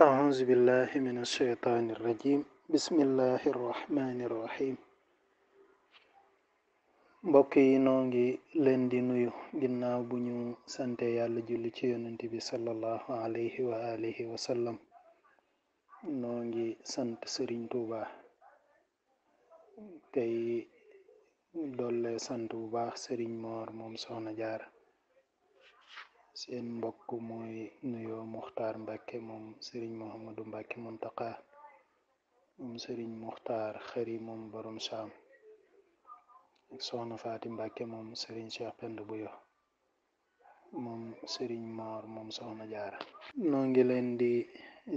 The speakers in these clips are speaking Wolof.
أعوذ بالله من الشيطان الرجيم بسم الله الرحمن الرحيم mbokk yi noo ngi leen di nuyu ginnaaw bu ñu sante yàlla julli ci yonent bi sallallahu alayhi wa alihi sant sëriñ tuuba tey dolle sant bu baax sëriñ moor moom so jaara seen mbokk mooy nuyoo muxtaar mbàkke moom sëriñ mohamadu sëriñ muxtaar xëri moom borom saam soxna faati mbàkke moom sëriñ cheikh pend bu yo moom sëriñ moor moom soxna jaara noo ngi leen di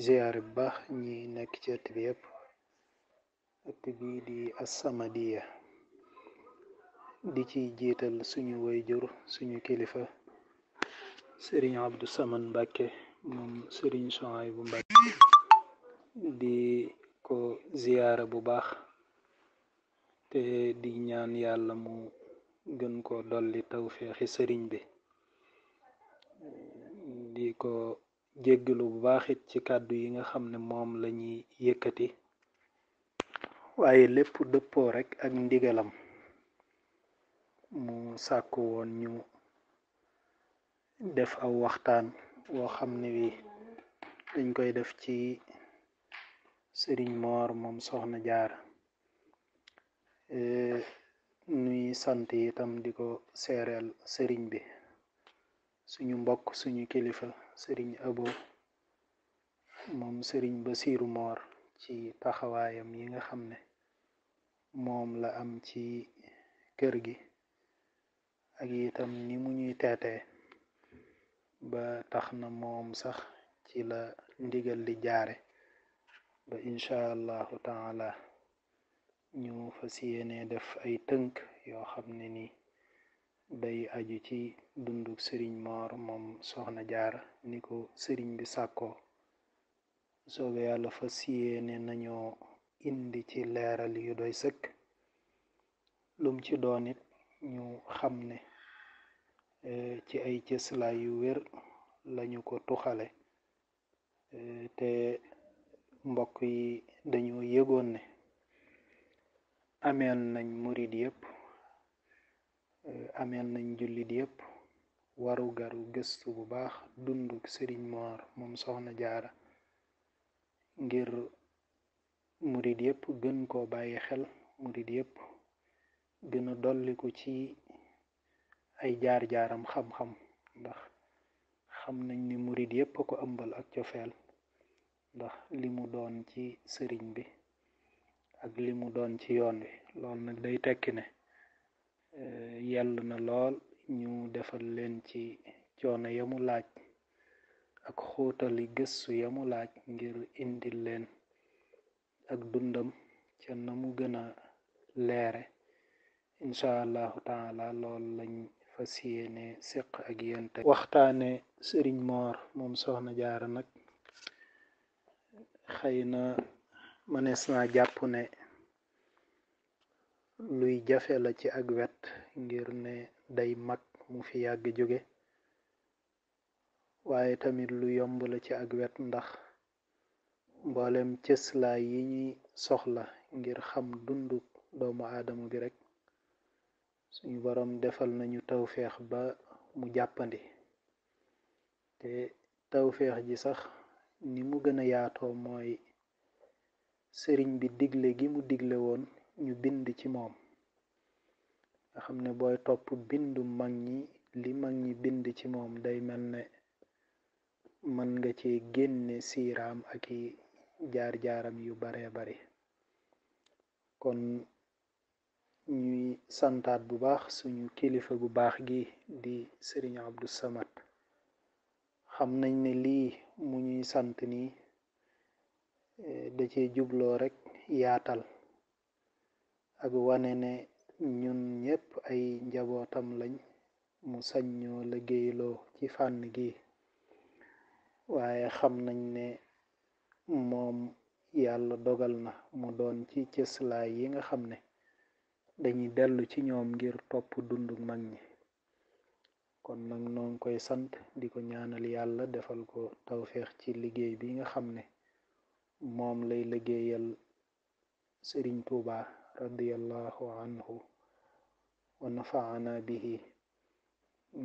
ziyaare bu baax ñi nekk ci ëtt bi yépp ëtt di assamadiya di ci jiital suñu way jur suñu kilifa Serigne Abdou Saman Mbàkke moom Serigne Souhaïbou Mbàkke di ko ziyaara bu baax te di ñaan yàlla mu gën ko dolli tawféexi sëriñ bi di ko jéggalu bu baaxit ci kàddu yi nga xam ne moom lañuy yëkkati waaye lépp dëppoo rekk ak ndigalam mu sàkku woon ñu def aw waxtaan woo xam ne wii dañ koy def ci sëriñ moor moom soxna jaar e, nuy sant itam di ko seereel sëriñ bi suñu mbokk suñu kilifa sëriñ abo moom sëriñ basiiru moor ci taxawaayam yi nga xam ne moom la am ci kër gi ak itam ni mu ñuy teetee ba tax na moom sax ci la ndigal li jaare ba incha allahu taala ñu fas yéene def ay tënk yoo xam ne ni day aju ci dunduk sëriñ moor moom soxna jaara ni ko sëriñ bi sàkkoo soobe yàlla fa yéene nañoo indi ci leeral yu doy sëkk lum ci doonit it ñu xam ne Eh, ci ay cëslaay yu wér lañu ko tuxale eh, te mbokk yi dañoo yëgoon ne ameel nañ murid yépp eh, ameel nañ jullit yépp waru garu gëstu bu baax dundu sëriñ moor moom soxna jaara ngir murit yépp gën koo bàyyi xel murid yépp gën dolliku ci ay jaar-jaaram xam-xam ndax xam nañ ni murit yépp ko ëmbal ak cofeel ndax li mu doon ci sëriñ bi ak li mu doon ci yoon wi lool nag day tekki ne eh, yell na lool ñu defal leen ci coono yamu laaj ak xóotali gëstu yamu laaj ngir indil leen ak dundam ca na mu gën a leere incha allahu taala lool lañ fas yéene seq ak yéen waxtaane sëriñ moor moom soxna jaara nag xëy na mënees naa jàpp ne luy jafe la ci ak wet ngir ne day mag mu fi yàgg jóge waaye tamit lu yomb la ci ak wet ndax mboolem cëslaay yi ñuy soxla ngir xam dundu doomu aadama bi rek suñu boroom defal nañu tawfeex ba mu jàppandi te tawfeex ji sax ni mu gën a yaatoo mooy sëriñ bi digle gi mu digle woon ñu bind ci moom nga xam ne booy topp bindu mag ñi li mag ñi bind ci moom day mel ne mën nga ci génne siiraam ak jaar-jaaram yu baree bari kon ñuy santaat bu baax suñu kilifa gu baax gi di Sëriñ Abdou Samad xam nañ ne lii mu ñuy sant nii e, da cee jubloo rek yaatal ak wane ne ñun ñépp ay njabootam lañ mu saññoo liggéeyloo ci fànn gi waaye xam nañ ne moom yàlla dogal na mu doon ci cëslaay yi nga xam ne dañuy dellu ci ñoom ngir topp dundu mag ñi kon nag noon koy sant di ko ñaanal yàlla defal ko tawféex ci liggéey bi nga xam ne moom lay liggéeyal sëriñ tuuba radiallahu anhu wa nafaana bihi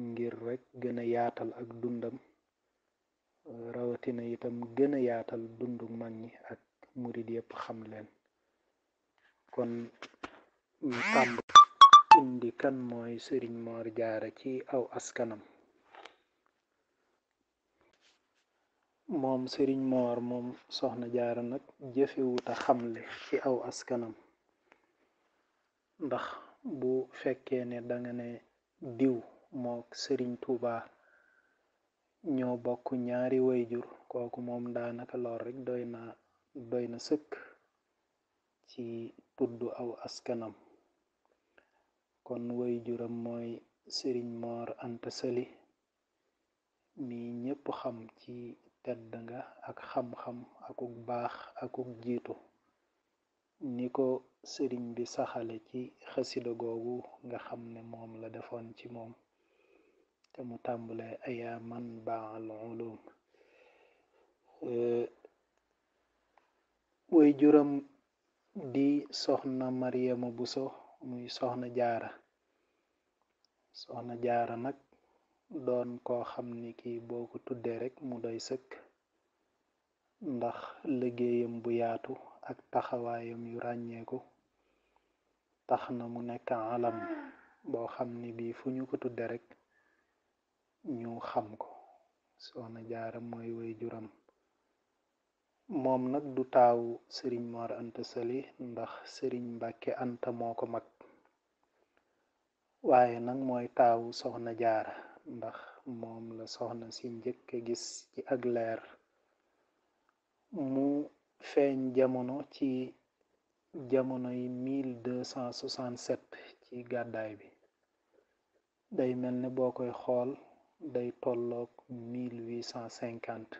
ngir rekk gën a yaatal ak dundam rawatina itam gën a yaatal dundu mag ñi ak murid yépp xam leen tàmb indi kan mooy sëriñ moor jaara ci aw askanam moom sëriñ moor moom soxna jaara nag jëfewuta xamle ci aw askanam ndax bu fekkee ne danga ne diw mook sëriñ tuuba ñoo bokk ñaari wayjur kooku moom daanaka lool rekk doy na sëkk ci tudd aw askanam kon woy juram mooy sëriñ moor anta sali mi ñépp xam ci tedd nga ak xam-xam akuk baax akuk jiitu ni ko sëriñ bi saxale ci xasida googu nga xam ne moom la defoon ci moom te mu tàmbale ayaa man baal ulum woy di soxna mariama buso muy soxna jaara soxna jaara nag doon koo xam ni kii boo ko tuddee rek mu doy sëkk ndax liggéeyam bu yaatu ak taxawaayam yu ràññeeku tax na mu nekk alam boo xam ni bii fu ñu ko tudde rek ñu xam ko soxna jaara mooy way juram moom nag du taawu sëriñ Mor Anta Sali ndax sëriñ Mbàkke Anta moo ko mag waaye nag mooy taawu soxna jaara ndax moom la soxna si njëkk a gis ci ak leer mu feeñ jamono ci jamono yi 1267 ci gàddaay bi day mel ne boo koy xool day tolloog 1850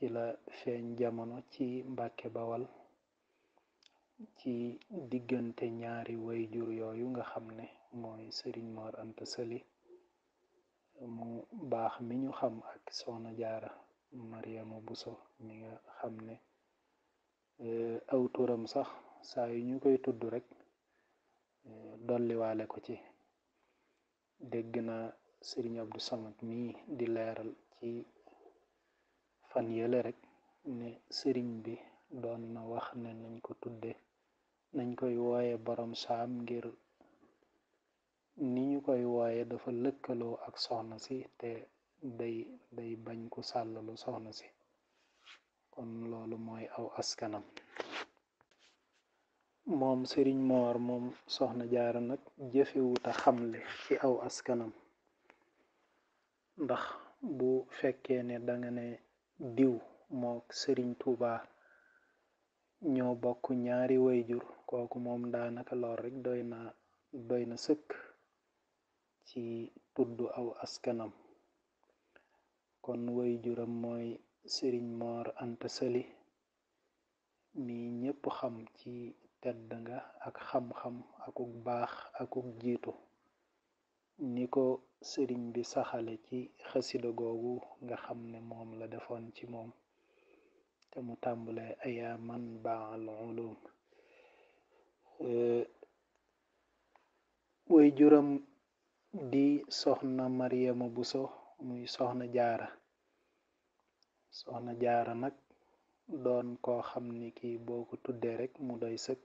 ci la feeñ jamono ci mbakke bawal ci diggante ñaari wayjur yooyu nga xam ne mooy sëriñ Mor Anta Sali mu baax mi ñu xam ak soxna jaara Mariama Buso mi nga xam ne eh, aw turam sax saa yu ñu koy tudd rek eh, dolliwaale ko ci dégg na sëriñ Abdou Samad mi di leeral ci fan yële rek ne sëriñ bi doon na wax na nañ ko tudde nañ koy wooye borom saam ngir ni ñu koy woye dafa lëkkaloo ak soxna si te day bañ ku sàllalu soxna si kon loolu mooy aw askanam moom sëriñ moor moom soxna jaara nag jëfewuta xamle ci aw askanam ndax bu fekkee ne danga ne diw mook sëriñ tuuba ñoo bokk ñaari wayjur kooku moom daanaka lool rekk doy na doy na sëkk ci tudd aw askanam kon wayjuram mooy sëriñ moor anta sëli mi ñépp xam ci tedd nga ak xam-xam akuk baax akuk jiitu ni ko sëriñ bi saxale ci xasida googu nga xam ne moom la defoon ci moom te mu tàmbale ayaa man baal ulum way juram di soxna Mariama Buso muy soxna jaara soxna jaara nag doon koo xam ne kii boo ko tuddee rek mu doy sëkk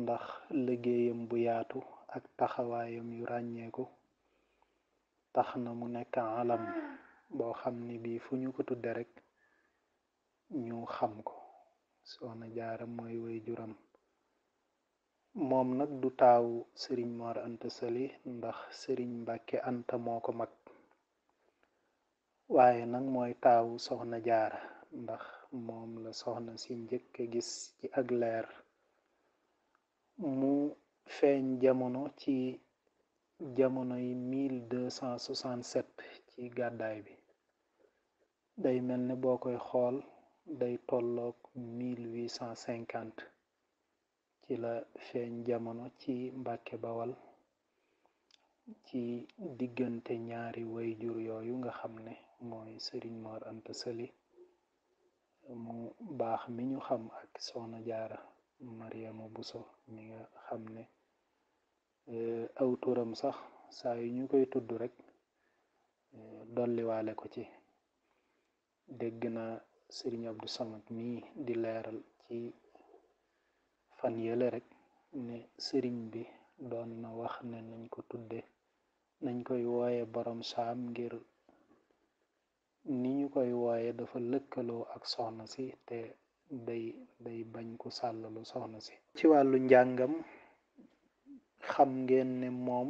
ndax liggéeyam bu yaatu ak taxawaayam yu ràññeeku tax na mu nekk alam boo xam ni bii fu ñu ko tudde rek ñu xam ko soxna jaara mooy way moom nag du taawu sëriñ Mor Anta Sali ndax sëriñ Mbàkke Anta moo mag waaye nag mooy taawu soxna jaara ndax moom la soxna si njëkk a gis ci ak leer mu feeñ jamono ci jamonoy 1267 ci gàddaay bi day mel ne boo koy xool day tolloog 1850 ci la feeñ jamono ci mbàkke bawal ci diggante ñaari wayjur yooyu nga xam ne mooy sëriñ Mor Anta mu baax mi ñu xam ak soxna jaara Mariama buso mi nga xam ne eh, aw turam sax saa yu ñu koy tudd rek eh, dolliwaale ko ci dégg na Sëriñ Abdu Samad mii di leeral ci fan yële rek ne sëriñ bi doon na wax ne nañ ko tudde nañ koy wooye borom sam ngir ni ñu koy wooye dafa lëkkaloo ak soxna si te day day bañ ku sàllalu soxna si ci wàllu njàngam xam ngeen ne moom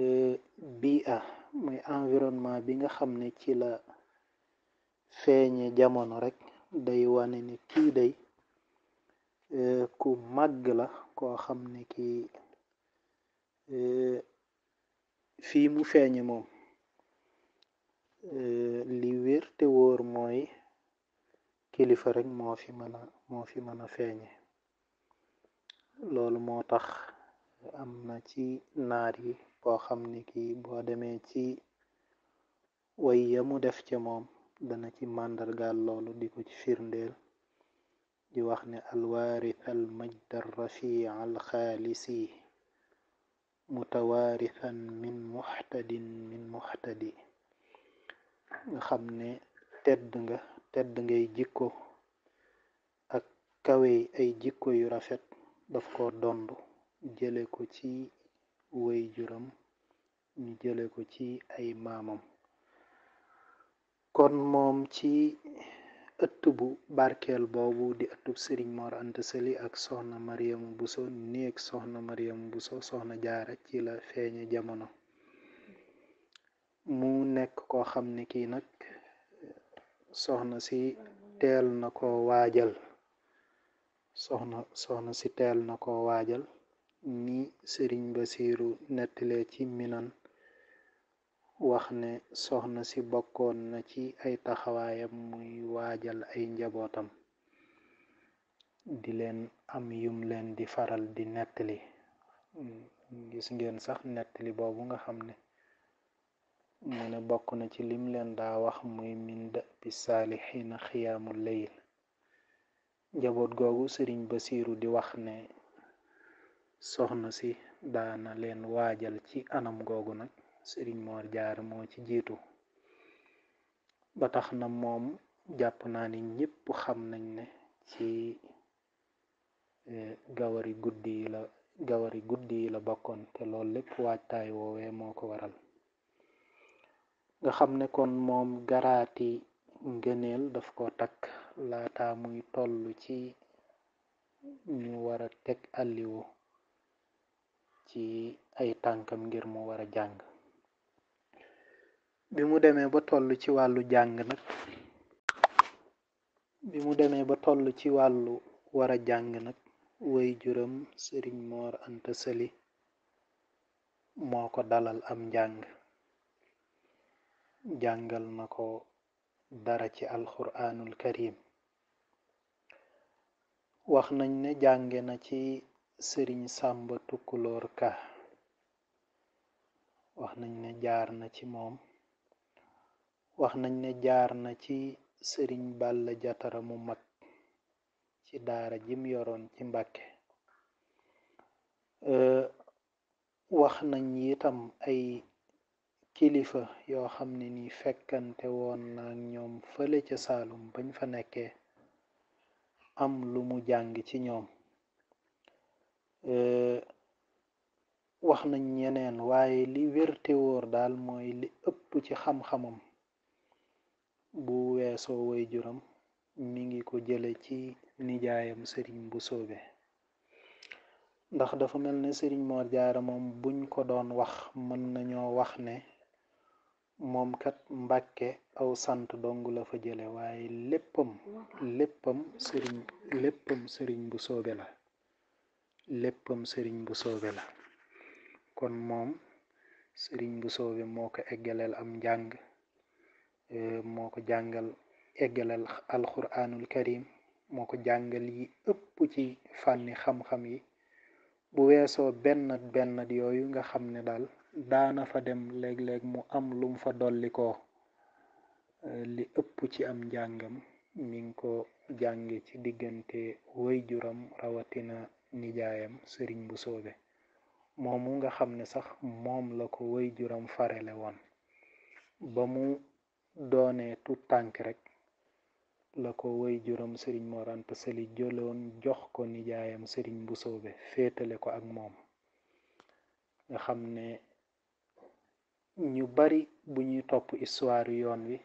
eh, bia muy environnement bi nga xam ne ci la feeñe jamono rek day wane ne kii day eh, ku màgg la koo xam ne kii eh, fii mu feeñe moom li wér te wóor mooy kilifa rek moo fi mën a moo feeñe loolu moo tax am na ci naar boo xam ne ki boo demee ci way yamu def ca moom dana ci màndargaal loolu di ko ci firndeel di wax ne alwaarith al majda arrafic alxaalisi mutawaarithan min muxtadin min muxtadi xam ne tedd nga tedd ngay jikko ak kawe ay jikko yu rafet daf ko dond jële ko ci way juram ñu jële ko ci ay maamam kon moom ci ëtt bu barkeel boobu di ëttub sëriñ Mor Anta Sali ak soxna Mariama Buso néeg soxna Mariama Buso soxna jaara ci la feeñe jamono mu nekk koo xam ne kii nag soxna si teel na ko waajal ni sëriñ Basiiru nettale ci minan wax ne soxna si bokkoon na ci ay taxawaayam muy waajal ay njabootam di leen am yum leen di faral di nettali gis ngeen sax nettali boobu nga xam ne mu ne bokk na ci lim leen daa wax muy min dabi saalixiina xiyaamu leyl njaboot googu sëriñ basiiru di wax ne soxna si daana leen waajal ci anam googu nag sëriñ moor jaar moo ci jiitu ba tax na moom jàpp naa ni ñépp xam nañ ne ci e, gawari guddi yi la gawari guddi yi la bokkoon te loolu lépp waajtaay woowee moo ko waral nga xam ne kon moom garaati ngëneel daf ko takk laata muy toll ci ñu war a teg alliwo ci ay tànkam ngir mu war a jàng bi mu demee ba toll ci wàllu jàng demee ba toll ci wàllu war a jàng nag woy juram sëriñ moor anta sali moo ko dalal am njàng jàngal na ko dara ci alquraanul karim wax nañ ne jànge na ci sëriñ sàmbatu tukkuloor ka wax nañ ne jaar na ci moom wax nañ ne jaar na ci sëriñ bàlla jatara mu mag ci daara jim yoroon ci mbàkke wax nañ ay kilifa yoo xam ne ni fekkante woon na ñoom fële ca saalum bañ fa nekkee am lu mu jàng ci ñoom wax nañ ñeneen waaye li wérte wóor daal mooy li ëpp ci xam-xamam bu weesoo way juram mu ngi ko jële ci nijaayam sëriñ bu soobe ndax dafa mel ne sëriñ Moor Jaara moom buñ ko doon wax mën nañoo wax ne moom kat mbàkke aw sant dong la fa jële waaye léppam léppam sëriñ léppam sëriñ bu soobe la léppam sëriñ bu soobe la kon moom sëriñ bu soobe moo ko eggaleel am njàng eh, moo ko jàngal eggaleel alquranul karim moo ko jàngal yi ëpp ci fànni xam-xam yi bu weesoo benn benn yooyu nga xam ne daal daana fa dem léeg-léeg mu am lum fa dolli ko eh, li ëpp ci am njàngam mi ngi ko jànge ci diggante wayjuram rawatina nijaayam sëriñ bu soobe moomu nga xam ne sax moom la ko wayjuram farele won ba mu doonee tu tànk rek la ko wayjuram sëriñ morant sëli jëloon jox ko nijaayam sëriñ bu soobe féetale ko ak moom nga xam ne ñu bari bu ñuy topp histoire yoon wi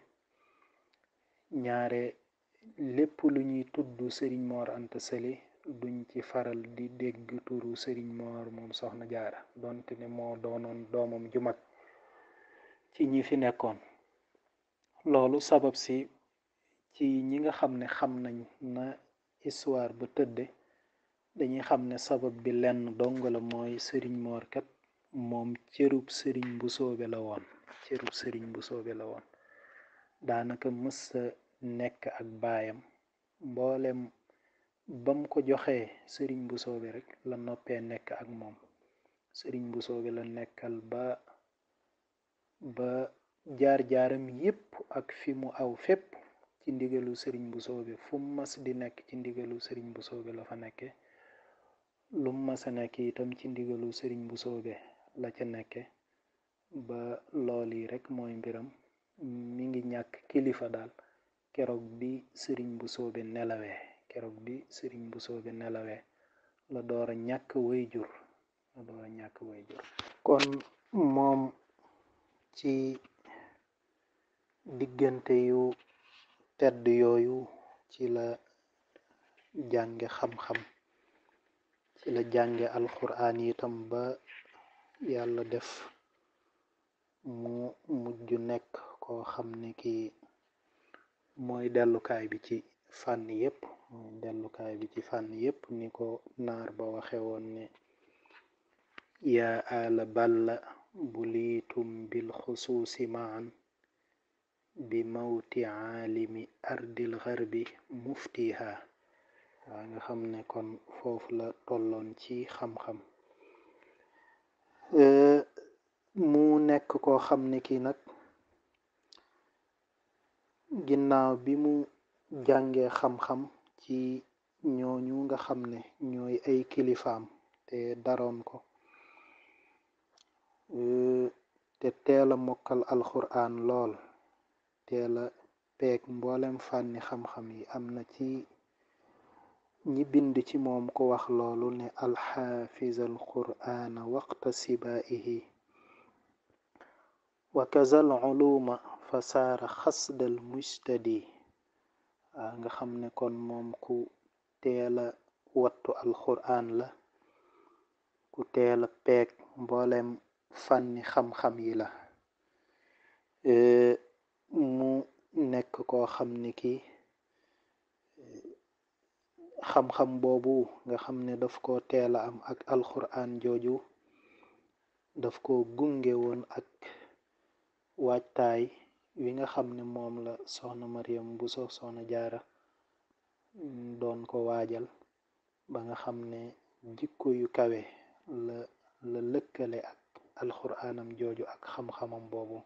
ñaare lépp lu ñuy tudd sëriñ moor anta sali duñ ci faral di dégg turu sëriñ moor moom soxna jaara donte ne moo doonoon doomam ju mag ci ñi fi nekkoon loolu sabab si ci ñi nga xam ne xam nañ na histoire ba tëdde dañuy xam ne sabab bi lenn dong la mooy sëriñ moor kat moom cërub sëriñ bu soobe la woon cërub sëriñ bu soobe la woon daanaka mësta nekk ak baayam mboolem bam ko joxee sëriñ bu soobe rek la noppee nekk ak moom sëriñ bu soobe la nekkal ba ba jaar-jaaram yépp ak fi mu aw fépp ci ndigalu sëriñ bu soobe fu mas di nekk ci ndigalu sëriñ bu soobe la fa nekke lu mu mas nekk itam ci ndigalu sëriñ bu soobe la ca nekke ba lool yi rek mooy mbiram mi ngi ñàkk kilifa dal keroog bi sëriñ bu soobe nelawe keroog bi sëriñ bu soobe nelawee la door a ñàkk way jur kon moom ci diggante yu tedd yooyu ci la jànge xam-xam ci la jànge alquran itam ba yàlla def mu mujj nekk koo xam ne ki mooy dellukaay bi ci fànn yépp bi ci fànn yépp ni ko naar ba waxe woon ne ya aala balla buliitum bil xusuusi maan bi mawti aalimi ardil garbi muftiha waa nga xam ne kon foofu la tolloon ci xam-xam mu nekk koo xam ne kii nag ginnaaw bi mu jàngee xam-xam ci ñooñu nga xam ne ñooy ay kilifaam te daroon ko e, te teel a mokkal alxuraan lool teel a peeg mboolem fànni xam-xam yi am na ci ñi bind ci moom ko wax loolu ne alxaafiza alquraana waqta sibaa'ihi wa kaza aluluuma fa saara xasdal mujtadi nga xam ne kon moom ku teela wattu alquraan la ku teela peeg mboolem fànni xam-xam yi la mu nekk koo xam ni ki xam-xam boobu nga xam ne daf ko teel a am ak alquran jooju daf ko gunge woon ak waajtaay wi nga xam ne moom la soxna Mariam bu so soxna jaara doon ko waajal ba nga xam ne jikko yu kawe la la lëkkale ak alquranam jooju ak xam-xamam boobu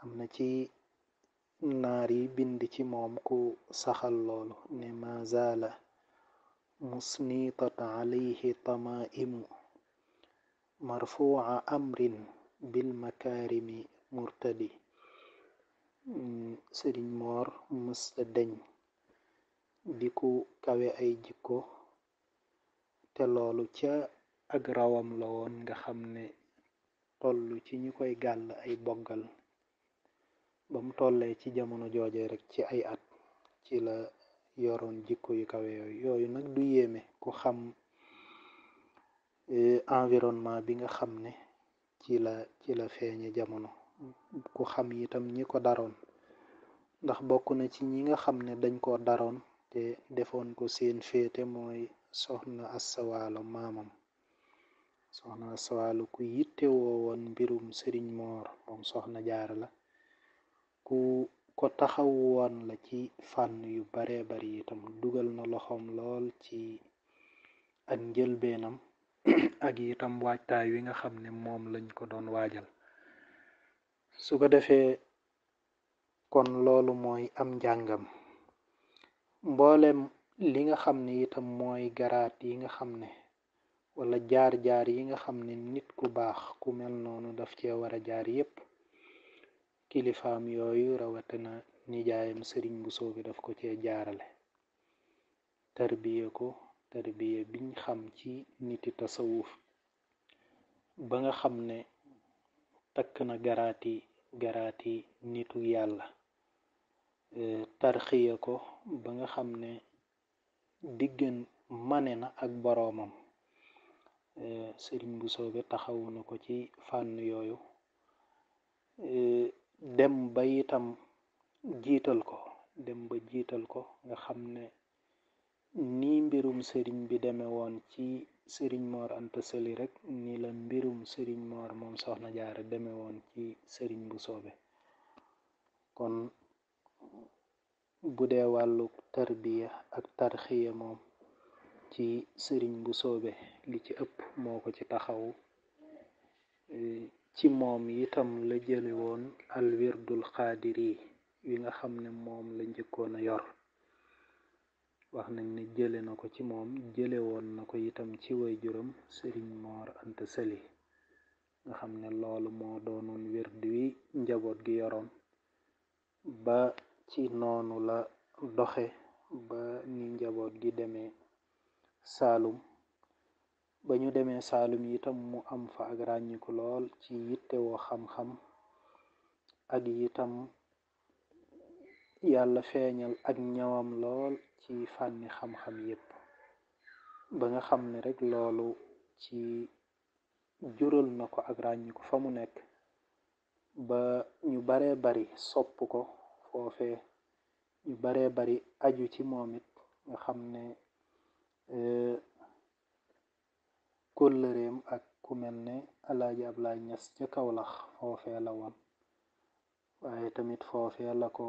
am na ci naar yi bind ci moom ku saxal loolu ne ma zaala musnitat alayhi tamaimu marfuca amrin bilmakaarimi murtadi mm, sëriñ moor mësta deñ di ku kawe ay jikko te loolu ca ak rawam la woon nga xam ne toll ci ñu koy gàll ay boggal ba mu ci jamono jooje rek ci ay at ci la yoroon jikko yu kawe yooyu yooyu nag du yéeme ku xam eh, environnement bi nga xam ne ci la ci la feeñe jamono ku xam itam ñi ko daroon ndax bokk na ci ñi nga xam ne dañ ko daroon te defoon ko seen féete mooy soxna assawalo maamam soxna assawaalo ku yitte woowoon mbirum sëriñ moor moom soxna jaara la ku ko taxaw woon la ci fànn yu baree bari itam dugal na loxoom lool ci ak njëlbeenam ak itam waajtaay wi nga xam ne moom lañ ko doon waajal su ko defee kon loolu mooy am njàngam mboolem li nga xam ne itam mooy garaat yi nga xam ne wala jaar-jaar yi nga xam ne nit ku baax ku mel noonu daf cee war a jaar yépp kilifaam yooyu rawatina nijaayam sëriñ bu soobe daf ko cee jaarale tarbiye ko tarbiye biñ xam ci niti tasawuf ba nga xam ne takk na garaati garaati nitu yàlla e, tarxiya ko ba nga xam ne diggan mane na ak boroomam e, sëriñ bu soobe taxawu na ko ci fànn yooyu e, dem ba yitam jiital ko dem ba jiital ko nga xam ne ni mbirum sëriñ bi demee woon ci sëriñ moor anta sëli rek ni la mbirum sëriñ moor moom soxna jaara demee woon ci sëriñ bu soobe kon bu dee wàllu tarbiya ak tarxiya moom ci sëriñ bu soobe li ci ëpp moo ko ci taxaw eh, ci moom yitam la jële woon alwirdul xaadiri wi nga xam ne moom la njëkkoon a yor wax nañ ne jële na ko ci moom jële woon na ko itam ci way juram sëriñ moor anta sali nga xam ne loolu moo doonoon wird wi njaboot gi yoroon ba ci noonu la doxe ba ni njaboot gi demee saalum ba ñu demee salum yitam mu am fa ak ràññiku lool ci yittewoo xam-xam ak yitam yàlla feeñal ak ñawam lool ci fànni xam-xam yépp ba nga xam ne rek loolu ci jural na ko ak ràññiku fa mu nekk ba ñu baree bari sopp ko foofe ñu baree bari aju ci moom nga xam ne eh, kóllëreem ak ku melne alaaji Ablaay Ñas ca Kawlax foofee la woon waaye tamit foofee la ko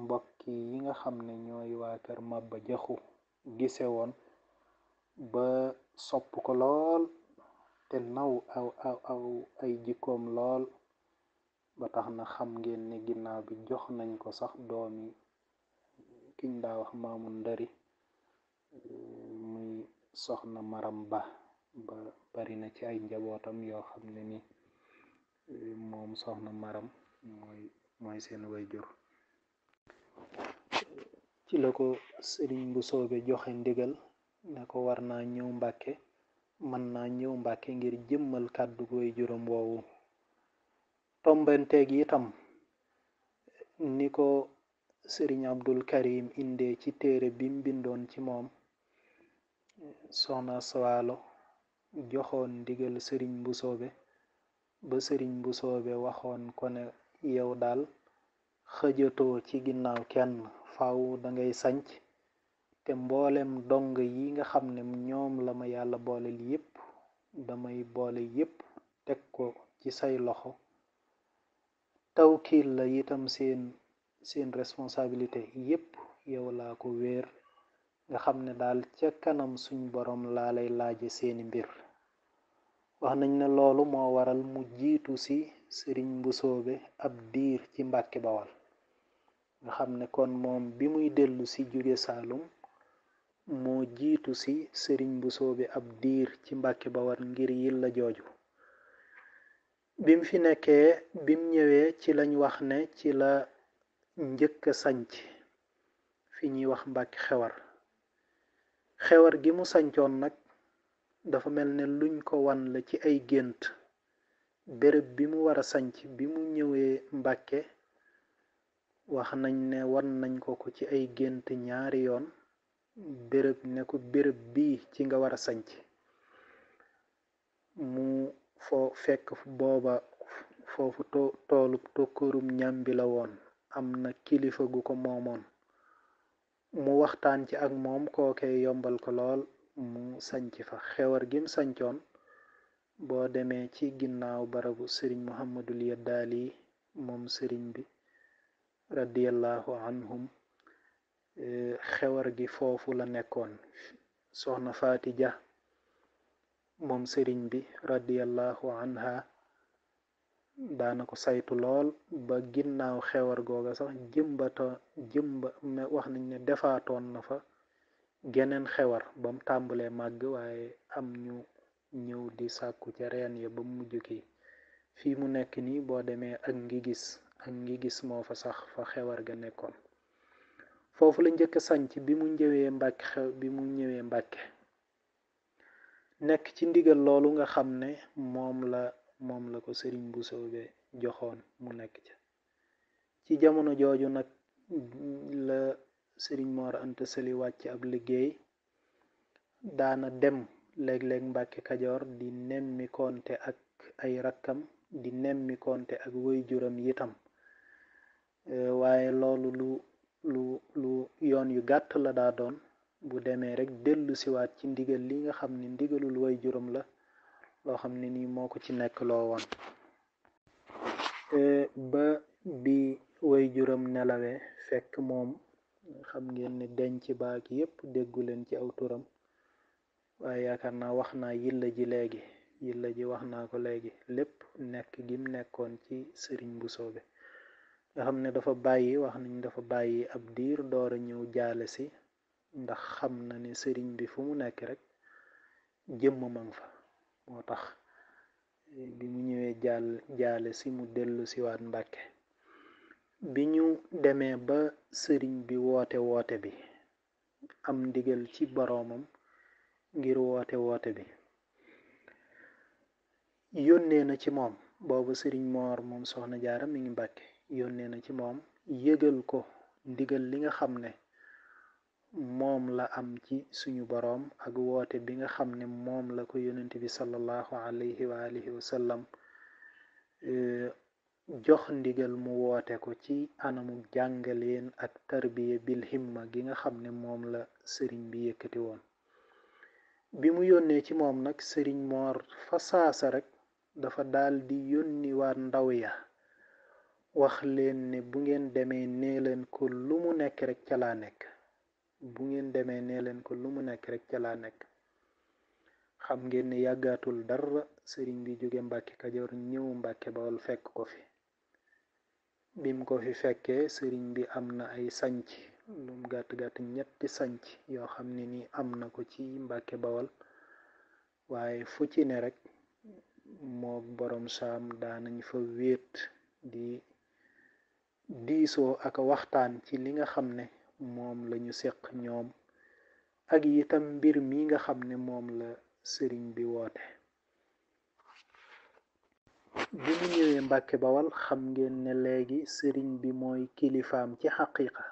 mbokki yi nga xam ne ñooy waa kër ba Jaxu gise woon ba sopp ko lool te naw aw ay jikkoom lool ba tax na xam ngeen ne ginnaaw bi jox nañ ko sax doomi kiñ daa wax Maamun Ndari muy soxna Maram Ba ba bari na ci ay njabootam yoo xam ne ni eh, moom soxna maram mooy mooy seen wayjur ci la ko sëriñ bu soobe joxe ndigal ne ko war naa ñëw mbàkke mën naa ñëw mbàkke ngir jëmmal kàddu way juróom woowu tombanteeg itam ni ko sëriñ abdul karim indee ci téere bim bindoon ci moom soxna sawalo joxoon ndigal sëriñ bu soobe ba sëriñ bu soobe waxoon ko ne yow daal xëjatoo ci ginnaaw kenn faw dangay ngay sanc te mboolem dong yi nga xam ne ñoom lama yàlla boolel yépp damay boole yépp teg ko ci say loxo taw tawkiil la itam seen seen responsabilité yépp yow laa ko wéer nga xam ne daal ca kanam suñ borom laa lay laaje seeni mbir wax nañ ne loolu moo waral mu jiitu si sëriñ bu ci mbàkke bawal ne kon moom bi muy dellu si jóge moo jiitu si sëriñ bu soobe ab diir ci mbàkke bawal ngir yilla jooju bim fi nekkee bim ñëwee ci lañ wax ne ci la njëkk a sanc fi ñuy wax mbàkki xewar xewar gi mu sancoon nag dafa mel ne luñ ko wan la ci ay gént bërëb bi mu war a sanc bi mu ñëwee mbàkke wax nañ ne wan nañ ko ko ci ay gént ñaari yoon bërëb ne ko béréb bii ci nga war a sanc mu foo fekk booba foofu toolub tokkorum ñambi la woon am na kilifa gu ko moomoon mu waxtaan ci ak moom kookee yombal ko lool mu sanc fa xewar gim sancoon boo demee ci ginnaaw barabu sëriñ muhammadul yaddaali moom sëriñ bi radiallahu anhum eh, xewar gi foofu la nekkoon soxna faati ja moom sëriñ bi radiallahu anha daana ko saytu lool ba ginnaaw xewar googa sax jëmbata jëmba wax nañ ne defaatoon na fa geneen xewar ba mu tàmbalee màgg waaye am ñu ñëw di sàkku ca reen ya ba mu mujj ki fi mu nekk nii boo demee ak ngi gis ak ngi gis moo fa sax fa xewar ga nekkoon foofu la njëkk a sanc bi mu ñëwee mbàkke xew bi mu ñëwee mbàkke nekk ci ndigal loolu nga xam ne moom la moom la ko sëriñ bu soobe joxoon mu nekk ca ci jamono jooju nag mm, la sëriñ Mor Anta Sali wàcc ab liggéey daana dem léeg-léeg Mbàkke Kajoor di nemmi konte ak ay rakkam di nemmi konte ak juram yitam eh, waaye loolu lu lu yoon yu gàtt la daa doon bu demee rek dellu siwaat ci ndigal li nga xam ne ndigalul waajuram la loo xam ne ni moo ko ci nekk loo woon ba bi way juram nelawe fekk moom xam ngeen ne denc baak yépp déggu leen ci aw turam waaye yaakaar naa wax naa yilla ji léegi yilla ji wax naa ko léegi lépp nekk gim nekkoon ci sëriñ bu soobe nga xam ne dafa bàyyi wax nañ dafa bàyyi ab diir door a ñëw jaale si ndax xam na ne sëriñ bi fu mu nekk rek jëmm mang fa moo tax eh, bi mu ñëwee jàll jaale si mu dellu siwaat Mbàkke bi ñu demee ba sëriñ bi woote woote bi am ndigal ci boroomam ngir woote woote bi yónnee na ci moom boobu sëriñ moom soxna jaara mi ngi Mbàkke yónnee na ci moom yëgal ko ndigal li nga xam ne moom la am ci suñu boroom ak woote bi nga xam ne moom la ko yonent bi sallallahu alayhi wa alihi wa e, jox ndigal mu woote ko ci anamu jàngaleen ak tarbiya bil himma gi nga xam ne moom la sëriñ bi yëkkati woon bi mu yónnee ci moom nag sëriñ moor fa saasa rek dafa dal di yónni waa ndaw ya wax leen ne bu ngeen demee ne leen ko lu mu nekk rek calaa nekk bu ngeen demee ne leen ko lu mu nekk rekk ca la nekk xam ngeen ne yàggaatul dara sëriñ bi jóge Mbàkke Kajoor ñëw Mbàkke Bawol fekk ko fi bim ko fi fekkee sëriñ bi am na ay sanc lum gàtt-gàtt ñetti sanc yoo xam ne ni am na ko ci Mbàkke bawal waaye fu ci ne rekk mook borom saam daanañ fa wéet di diiso ak waxtaan ci li nga xam ne moom lañu seq ñoom ak itam mbir mi nga xam ne moom la sëriñ bi woote bi mu ñëwee mbàkke bawal xam ngeen ne léegi sëriñ bi mooy kilifaam ci xaqiqa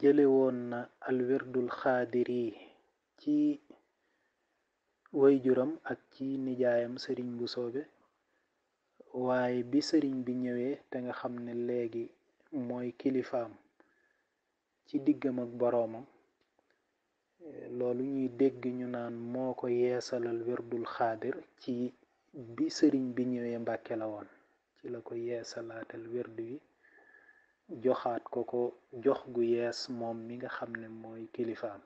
jële woon na alwirdul xaadiri ci wayjuram ak ci nijaayam sëriñ bu soobe waaye bi sëriñ bi ñëwee te nga xam ne léegi mooy kilifaam ci diggam ak boroomam eh, loolu ñuy dégg ñu naan moo ko yeesalal werdul xaadir ci bi sëriñ bi ñëwee mbàkke la woon ci la ko yeesalaatal werdu yi joxaat ko ko jox gu yees moom mi nga xam ne mooy kilifaam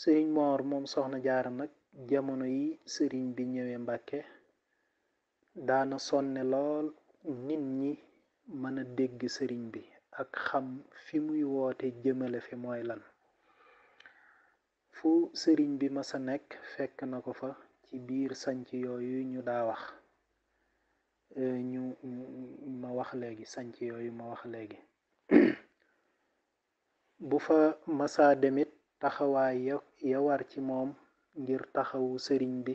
sëriñ moor moom soxna jaara nag jamono yi sëriñ bi ñëwee mbàkke daana sonne lool nit ñi mën a dégg sëriñ bi ak xam fi muy woote jëmale fi mooy lan fu sëriñ bi masa nekk fekk na ko fa ci biir sanc yooyu ñu daa wax e, ñu ma wax léegi sanc yooyu ma wax léegi bu fa masaa demit taxawaay ya war ci moom ngir taxawu sëriñ bi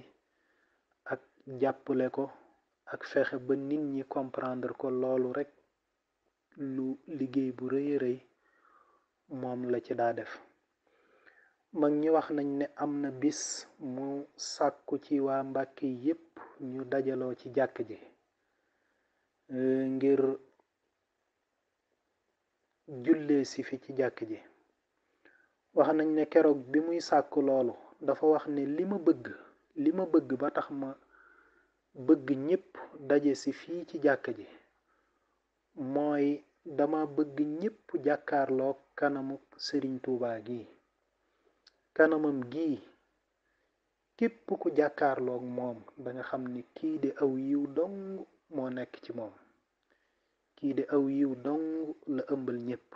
ak jàppale ko ak fexe ba nit ñi comprendre ko loolu rekk lu liggéey bu rëy rëy moom la ci daa def mag ñi wax nañ ne am na bis mu sàkku ci waa Mbàkke yépp ñu dajaloo ci jàkk ji e, ngir jullee si fi ci jàkk ji wax nañ ne keroog bi muy sàkku loolu dafa wax ne li ma bëgg li ma bëgg ba tax ma bëgg ñépp daje si fii ci jàkk ji mooy dama bëgg ñépp jàkkaarlook kanamu sëriñ tuuba gi kanamam gii képp ku jàkkaarlook moom danga xam ni kii de aw yiw dong moo nekk ci moom kii de aw yiw dong la ëmbal ñépp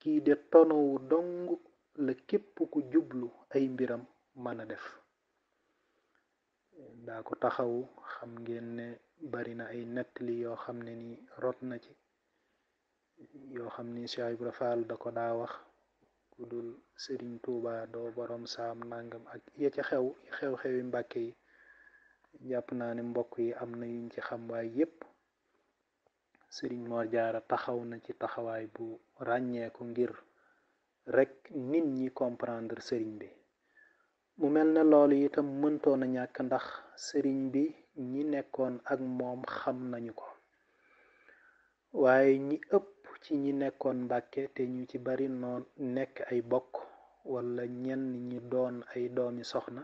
kii de tonowu dong la képp ku jublu ay mbiram mën a def daa ko taxawu xam ngeen ne bari na ay nettali yoo xam ne ni rot na ci yoo xam ni Cheikh Ibra Fall da ko daa wax ku dul Sëriñ Tuuba doo borom saam nangam ak ya ca xew xew-xewi Mbàkke yi jàpp naa ne mbokk yi am na yuñ ci xam waaye yépp Sëriñ moo Jaara taxaw na ci taxawaay bu ràññeeku ngir rekk nit ñi comprendre sëriñ bi mu mel loolu itam mëntoon a ndax sëriñ bi ñi nekkoon ak moom xam nañu ko waaye ñi ëpp ci ñi nekkoon mbàkke te ñu ci bari noon nekk ay bokk wala ñenn ñi doon ay doomi soxna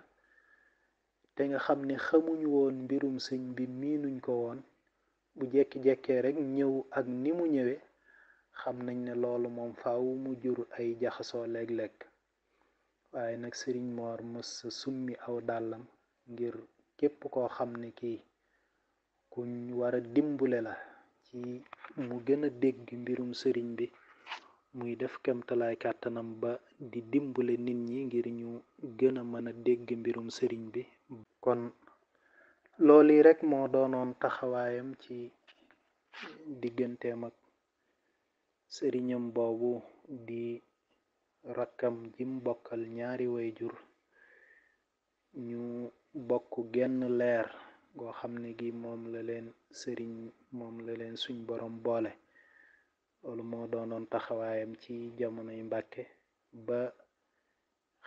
te nga xam ne xamuñu woon mbirum sëñ bi miinuñ ko woon bu jekki-jekkee rek ñëw ak ni mu ñëwee xam nañ ne loolu moom faaw mu jur ay jaxasoo lekk léeg waaye nag sëriñ moor mës summi aw dàllam ngir képp koo xam ne kii kuñ wara a la ci mu gën a dégg mbirum sëriñ bi muy def kemtalaay kattanam ba di dimbule nit ñi ngir ñu gën a mën a dégg mbirum sëriñ bi kon loolu rekk moo doonoon taxawaayam ci digganteem ak sëriñam boobu di rakkam jim bokkal ñaari wayjur ñu bokk genn leer goo xam ne gi moom la leen sëriñ moom la leen suñ borom boole loolu moo doonoon taxawaayam ci jamonoy Mbàkke ba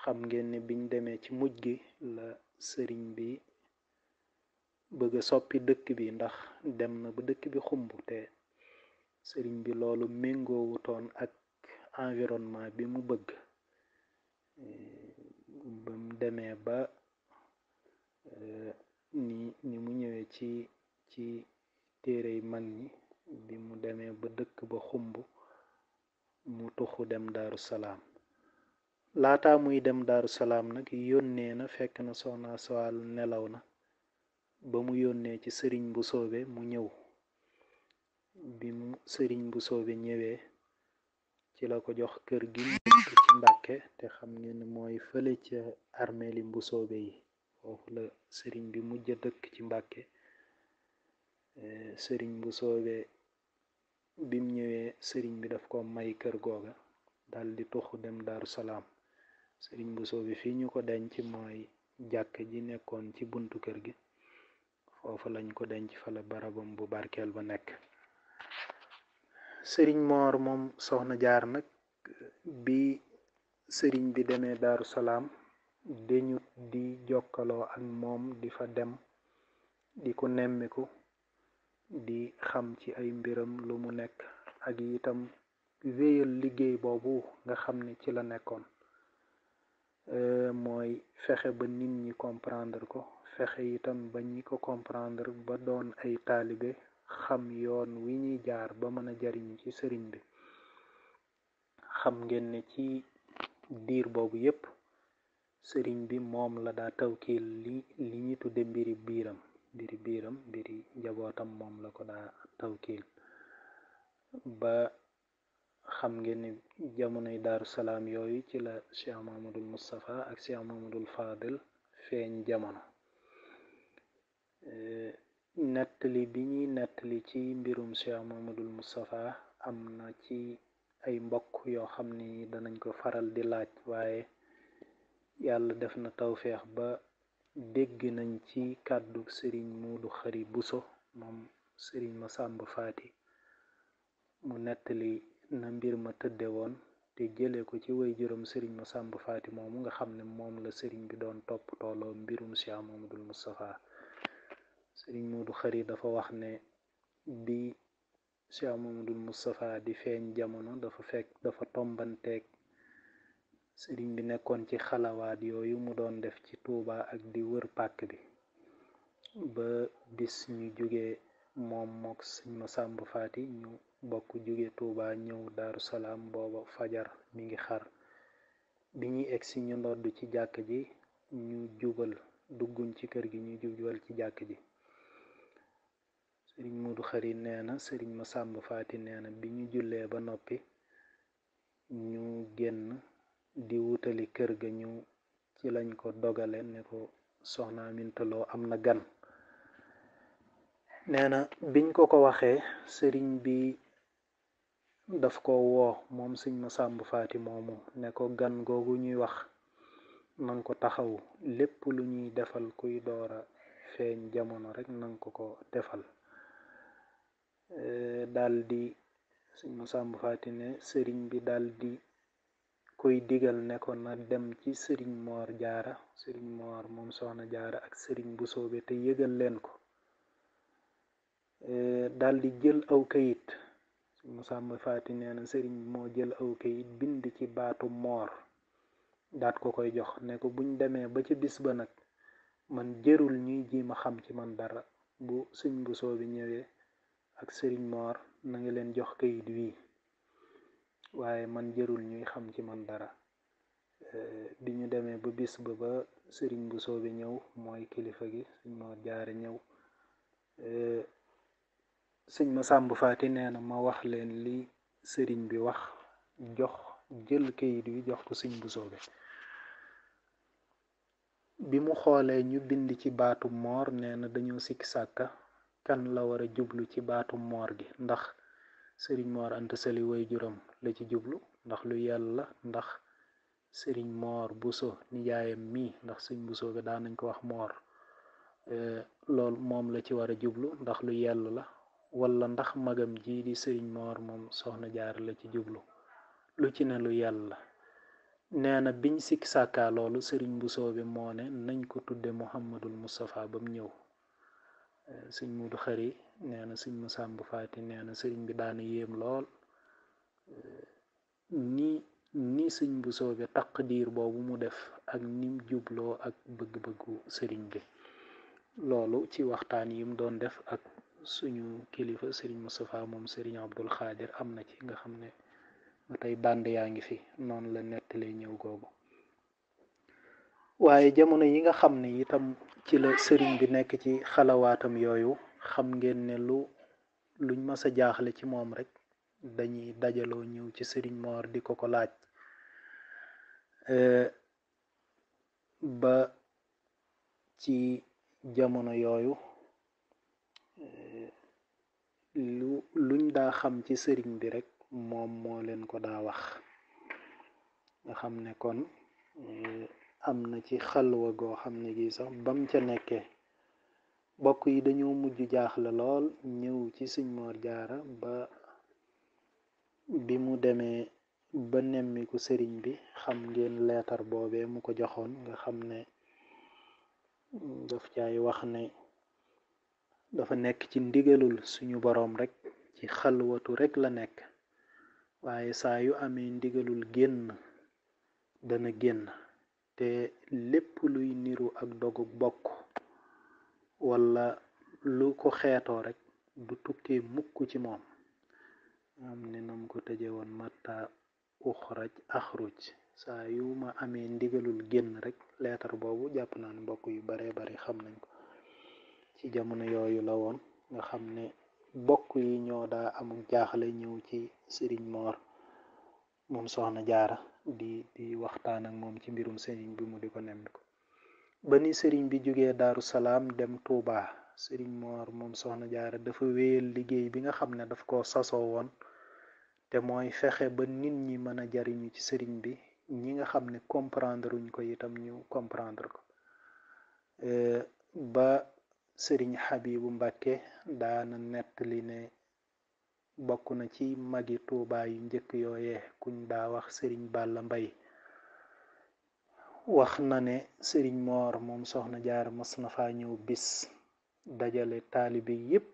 xam ngeen ne biñ demee ci mujj gi la sëriñ bi bëgg soppi dëkk bi ndax dem na ba dëkk bi xumb te sëriñ bi loolu méngoowutoon ak environnement bi mu bëgg ba mu demee ba Eh, ni ni mu ñëwee ci ci téerey mag ñi bi mu demee ba dëkk ba xumb mu tuxu dem daaru salaam laataa muy dem daaru salaam nag yónnee na fekk na soxna sowal nelaw na ba mu yónnee ci sëriñ bu mu ñëw bi sëriñ bu soobe ñëwee ci la ko jox kër gi ci mbàkke te xam ngeen mooy fële ca armeeli bu soobe yi sëriñ bi mujj dëkk ci Mbàkke eh, sëriñ bu soobee bim ñëwee sëriñ bi daf ko may kër googa dal di dem Daaru Salaam sëriñ bu soobee fii ñu ko denc mooy jàkk ji nekkoon ci buntu kër gi foofu lañ ko denc fa la barabam bu barkeel ba nekk sëriñ moor moom soxna jaar nag bi sëriñ bi demee Daaru dañu di jokkaloo ak moom di fa dem di ko nemmiku di xam ci ay mbiram lu mu nekk ak itam wéyal liggéey boobu nga xam ne ci la nekkoon euh, mooy fexe ba nit ñi comprendre ko fexe itam ba ñi ko comprendre ba doon ay taalibe xam yoon wi ñuy jaar ba mën a jariñ ci sëriñ bi xam ngeen ne ci diir boobu yépp sëriñ bi moom la daa tawkiil li li ñi tudde mbiri biram mbiri biiram mbiri njabootam moom la ko daa tawkiil ba xam ngeen ni jamonoy daaru salaam yooyu ci la cheikh mahamadul moustapha ak cheikh mahamadul fadil feeñ jamono eh, nettali bi ñuy nettali ci mbirum cheikh mahamadul moustapha am na ci ay mbokk yoo xam ni danañ ko faral di laaj waaye yàlla def na tawfeex ba dégg nañ ci kàddu sëriñ Muudu Xari Buso moom sëriñ Masàmb Faati mu nettali na mbir ma tëdde woon te jële ko ci way juróom sëriñ Masàmb Faati moomu nga xam ne moom la sëriñ bi doon topp tooloo mbirum Cheikh Mamadul Moustapha sëriñ Muudu Xari dafa wax ne bi Cheikh Mamadul Moustapha di feeñ jamono dafa fekk dafa tombanteek sëriñ bi nekkoon ci xalawaat yooyu mu doon def ci tuuba ak di wër pàkk bi ba bis ñu jóge moom mook sëñ ma sàmb faati ñu bokk jóge tuuba ñëw daaru salaam booba fajar mi ngi xar bi ñuy si ñu ndodd ci jàkk ji ñu jubal dugguñ ci kër gi ñu jubal ci jàkk ji sëriñ Moodu Xari nee na sëriñ ma sàmb faati nee na bi ñu jullee ba noppi ñu génn di wutali kër ga ñu ci lañ ko dogale ne ko soxna amintaloo am na gan nee na biñ ko ko waxee sëriñ bi daf ko woo moom sëñ ma sàmb faati moomu ne ko gan googu ñuy wax nang ko taxaw lépp lu ñuy defal kuy doora feeñ jamono rek nanga ko ko defal daal di sëñ ma sàmb faati ne sëriñ bi daal di koy digal ne ko na dem ci sëriñ moor jaara sëriñ moor moom soxna jaara ak sëriñ bu soobee te yëgal leen ko eh, daldi jël aw kayit musàmm faati nee sëriñ moo jël aw kayit bind ci baatu moor daat ko koy jox ne ko buñ demee ba ca bis ba nag man jërul ñuy jiima xam ci man dara bu sëñ bu soobe ñëwee ak sëriñ moor na nga leen jox kayit wii waaye man jërul ñuy xam ci man dara eh, bi ñu demee ba bis ba ba sëriñ bu soobe ñëw mooy kilifa gi sëñ moo jaare ñëw eh, sëñ ma sàmb faati nee na ma wax leen li sëriñ bi wax jox jël këyit wi jox ko sëñ bu soobe bi mu xoolee ñu bind ci baatu moor nee na dañoo sikki sàkka kan la war a jublu ci baatu moor gi ndax sëriñ moor anta sali way juram la ci jublu ndax lu yàlla ndax sëriñ moor buso nijaayam mii ndax sëñ buso ga daan nañ ko wax moor eh, loolu moom la ci war a jublu ndax lu yàlla la wala ndax magam jii di sëriñ moor moom soxna jaar la ci jublu lu ci ne lu yàlla nee na biñ sikk sàkkaa loolu sëriñ buso bi moone nañ ko tudde muhammadul mustafa bam ñëw sëñ mudu xari neena na sëñ Masamba Faati nee na sëriñ bi daana yéem lool ni ni sëñ bu soobe taq diir boobu mu def ak nim jubloo ak bëgg-bëggu sëriñ bi loolu ci waxtaan yim doon def ak suñu kilifa sëriñ Moustapha moom sëriñ Abdul Xaadir am na ci nga xam ne ba tey band yaa ngi fi noonu la nettalee ñëw googu waaye jamono yi nga xam ne itam ci la sëriñ bi nekk ci xalawaatam yooyu xam ngeen ne lu luñ mas a jaaxle ci moom rek dañuy dajaloo ñëw ci sëriñ Moor di ko ko laaj eh, ba ci jamono yooyu eh, lu luñ daa xam ci sëriñ bi rek moom moo leen ko daa wax nga xam ne kon eh, am na ci xalwa goo xam ne gi sax bam ca nekkee mbokk yi dañoo mujj jaaxle lool ñëw ci sëñ Moor Jaara ba bi mu demee ba nemmiku sëriñ bi xam ngeen leetar boobee mu ko joxoon nga xam ne daf caay wax ne dafa nekk ci ndigalul suñu boroom rekk ci xalwatu rekk la nekk waaye saa yu amee ndigalul génn dana génn te lépp luy niru ak dogu bokk wala lu ko xeetoo rek du tukki mukk ci moom am ni nam ko tëje woon matta uxraj axruj saa yu ma amee ndigalul génn rek leetar boobu jàpp naan mbokk yu bare bari xam nañ ko ci jamono yooyu la woon nga xam ne bokk yi ñoo daa amul jaaxle ñëw ci sëriñ moor moom soxna jaara di di waxtaan ak moom ci mbirum sëriñ bi mu di ko nemmiku ba ni sëriñ bi jógee daaru salaam dem Touba sëriñ Moor moom soxna jaara dafa wéyal liggéey bi nga xam ne daf ko sasoo woon te mooy fexe ba nit ñi mën a jariñu ci sëriñ bi ñi nga xam ne comprendre uñ ko itam ñu comprendre ko ba sëriñ Xabibu Mbàkke daana nettali ne bokk na ci magi Touba yu njëkk yooye kuñ daa wax sëriñ Balla Mbay wax na ne sëriñ moor moom soxna jaar mas na faa ñëw bis dajale taalibe yépp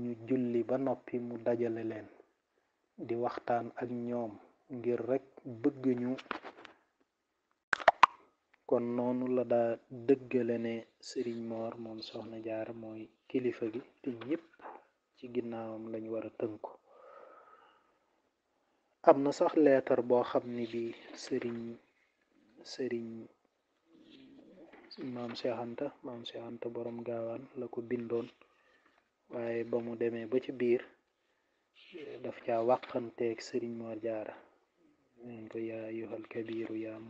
ñu julli ba noppi mu dajale leen di waxtaan ak ñoom ngir rekk bëgg ñu kon noonu la daa dëggale ne sëriñ moor moom soxna jaar mooy kilifa gi te ñépp ci ginnaawam lañ wara a tënku am na sax leetar boo xam ne bi sëriñ sëriñ maam Cheikh Anta maam Cheikh Anta borom gaawaan la ko bindoon waaye ba mu demee ba ci biir daf caa wàqanteeg sëriñ Moor Jaara nañ ko yaa ayyuhal kabiru yaa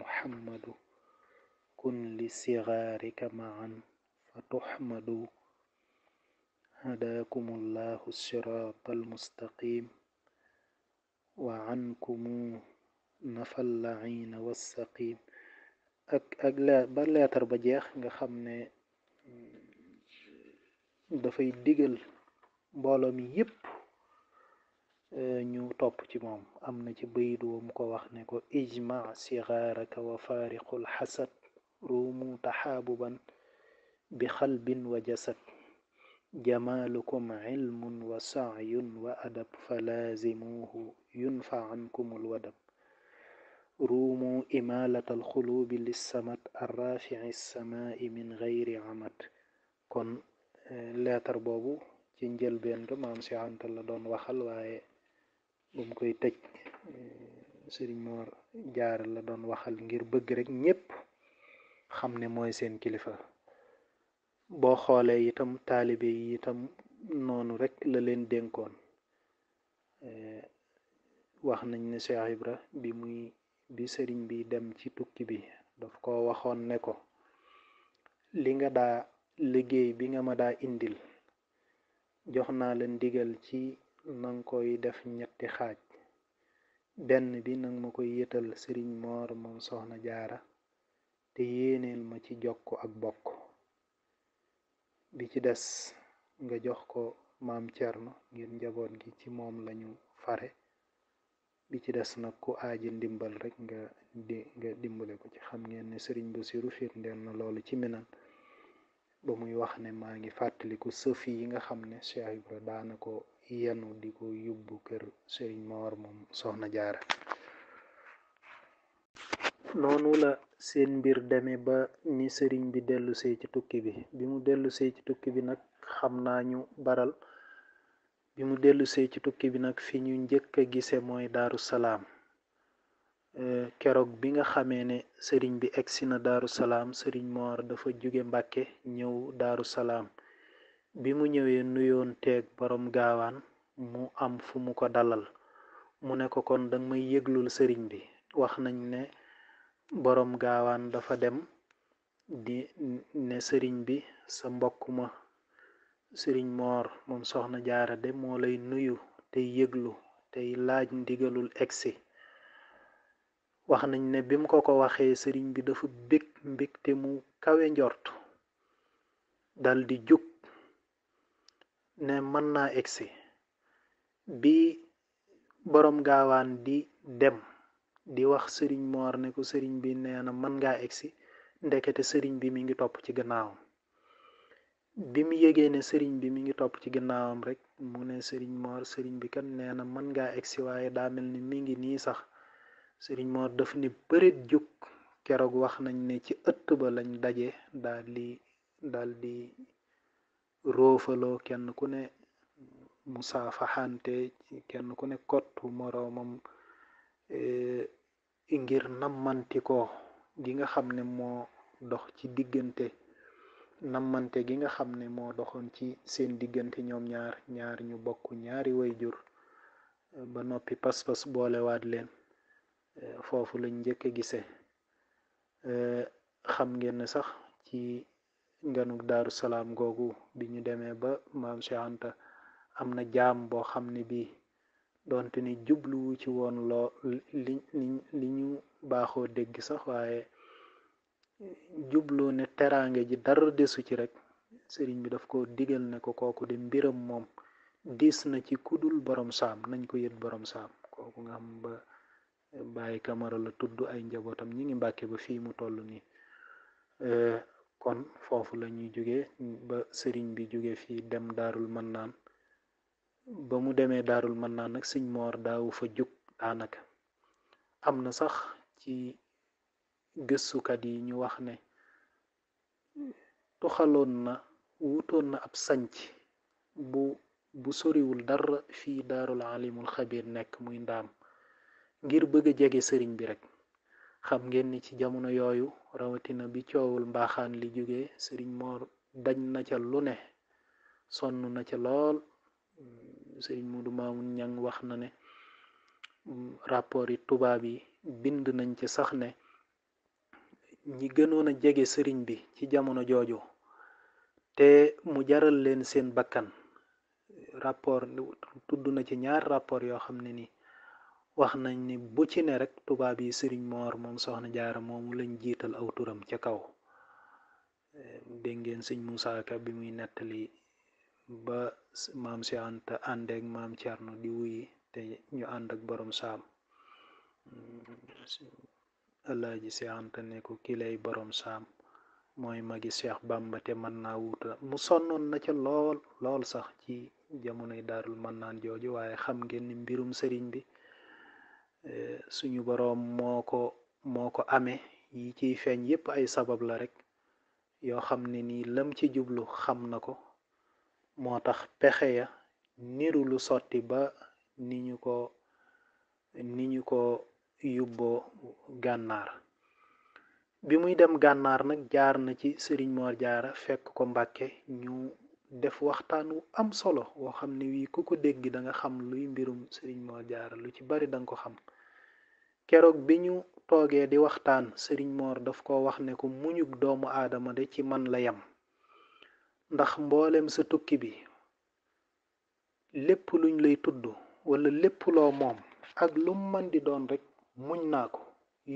kun li sigaarika maan fa tuxmadu hadaakumullahu siraatal mustaqim wa ankumu nafal laina wassaqim ak ak leer ba leetar ba jeex nga xam ne mm, dafay digal mbooloo mi yépp euh, ñu topp ci moom am na ci bayit woo ko wax ne ko ijma sigaaraka wa faariqul xasad ruumu taxaabuban bi xalbin wa jasad jamaalukum ilmun wa saayun wa adab falaazimuuhu yunfa ankumul wadab روموا إمالة الخلوب للسمت الرافع السماء من غير عمد kon eh, leetar boobu ci njëlbeen ga maam si la doon waxal waaye bu koy tëj eh, Sëriñ Moor la doon waxal ngir bëgg rek ñépp xam ne mooy seen kilifa boo xoolee itam taalibe yi itam noonu rek la leen dénkoon eh, wax nañ ne Cheikh Ibra bi muy bi sëriñ bi dem ci tukki bi daf ko waxoon ne ko li nga daa liggéey bi nga ma daa indil jox naa la ndigal ci nang koy def ñetti xaaj benn bi nang ma koy yëtal sëriñ moor moom soxna jaara te yéeneel ma ci jokk ak bokk bi ci des nga jox ko maam cerno ngir njaboot gi ci moom lañu fare bi ci des nag ku aaji ndimbal rek nga dimbale ko ci xam ngeen ne sëriñ Basiru firndeel na loolu ci minan ba muy wax ne maa ngi fàttaliku sëf yi nga xam ne Cheikh Ibra daana ko yenu di ko yóbbu kër sëriñ Mawar moom soxna jaara noonu la seen mbir demee ba ni sëriñ bi dellu see ci tukki bi bi mu dellu see ci tukki bi nag xam naa ñu baral bi mu dellusee ci tukki bi nag fi ñu njëkk a gise mooy daaru salaam eh, keroog bi nga xamee ne sëriñ bi egsi na daaru salaam sëriñ moor dafa jóge mbàkke ñëw daaru salaam bi mu ñëwee nuyoon teeg borom gaawaan mu am fu mu ko dalal mu ne ko kon danga may yëglul sëriñ bi wax nañ ne boroom gaawaan dafa dem di ne sëriñ bi sa mbokk ma sëriñ moor moom soxna jaara de moo lay nuyu tey yëglu tey laaj ndigalul egsi wax nañ ne bim ko ko waxee sëriñ bi dafa bég mbégte mu kawe njort dal di jóg ne mën naa egsi bi boroom gaawaan di dem di wax sëriñ moor ne ko sëriñ bi nee na mën ngaa egsi ndekete sëriñ bi mi ngi topp ci gannaawam bi mu yégee ne sëriñ bi mi ngi topp ci ginnaawam rek mu ne sëriñ moor sëriñ bi kat nee na mën ngaa egsi waaye daa mel ni mi ngi nii sax sëriñ moor daf ni bërit jóg keroog wax nañ ne ci ëtt ba lañ daje daal di daal roofaloo kenn ku ne musaafaxante kenn ku ne kottu moroomam e, ngir nammanti ko nga xam ne moo dox ci diggante nammante gi nga xam ne moo doxoon ci seen diggante ñoom ñaar ñaar ñu bokk ñaari wayjur eh, ba noppi pas-pas boolewaat leen eh, foofu lañ njëkk a gisee eh, xam ngeen sax ci nganuk daaru salaam googu bi ñu demee ba maam Cheikh am na jaam boo xam ne bii doonte ni jubluwu ci woon lo liñu baaxo ñu dégg sax waaye jubloo ne teraange ji dara desu ci rek sëriñ bi daf ko digal ne ko kooku di mbiram moom diis na ci kudul borom saam nañ ko yët borom saam kooku nga xam ba bàyyi kamara la tudd ay njabootam ñi ngi mbàkke ba fii mu toll nii kon foofu la ñuy jógee ba sëriñ bi jóge fii dem daarul mën naan ba mu demee daarul mën naan nag sëñ moor daawu fa jug daanaka am na sax ci gëstukat yi ñu wax ne toxaloon na wutoon na ab sanc bu bu soriwul dara fii daarul alimul xabir nekk muy ndaam ngir bëgg a jege sëriñ bi rekk xam ngeen ci jamono yooyu rawatina bi coowul mbaaxaan li jóge sëriñ moor dañ na ca lu ne sonn na ca lool sëriñ Mudu Maamun ñang wax na ne rapport yi tubaab yi bind nañ ci sax ne ñi gënoon a jege sëriñ bi ci jamono jooju te mu jaral leen seen bakkan rapport tudd na ci ñaar rapport yoo xam ne ni wax nañ ni bu ci ne rekk tubaab yi sëriñ moor moom soxna jaara moomu lañ jiital aw turam ca kaw dégg sëñ Moussa bi muy nettali ba maam si Anta àndeek maam Cerno di wuy te ñu ànd ak borom saam alaaji Seex Anta ne ko kii lay borom saam mooy magi Seex Bàmba te mën naa wuuta mu sonnoon na ca lool lool sax ci jamonoy daarul mën naan jooju waaye xam ngeen ni mbirum sëriñ bi e, suñu boroom moo ko moo amee yi ciy feeñ yépp ay sabab la rek yoo xam ne nii lam ci jublu xam na ko moo tax pexe ya niru lu sotti ba ni ko ni ko yóbboo gànnaar bi muy dem gànnaar nag jaar na ci sëriñ Moor Jaara fekk ko Mbàkke ñu def waxtaan wu am solo woo xam ne wii ku ko dégg danga xam luy mbirum sëriñ Moor Jaara lu ci bari danga ko xam keroog bi ñu toogee di waxtaan sëriñ Moor daf ko wax ne ko muñug doomu aadama de ci man la yem ndax mbooleem sa tukki bi lépp luñ lay tudd wala lépp loo moom ak lum man di doon rek muñ naa ko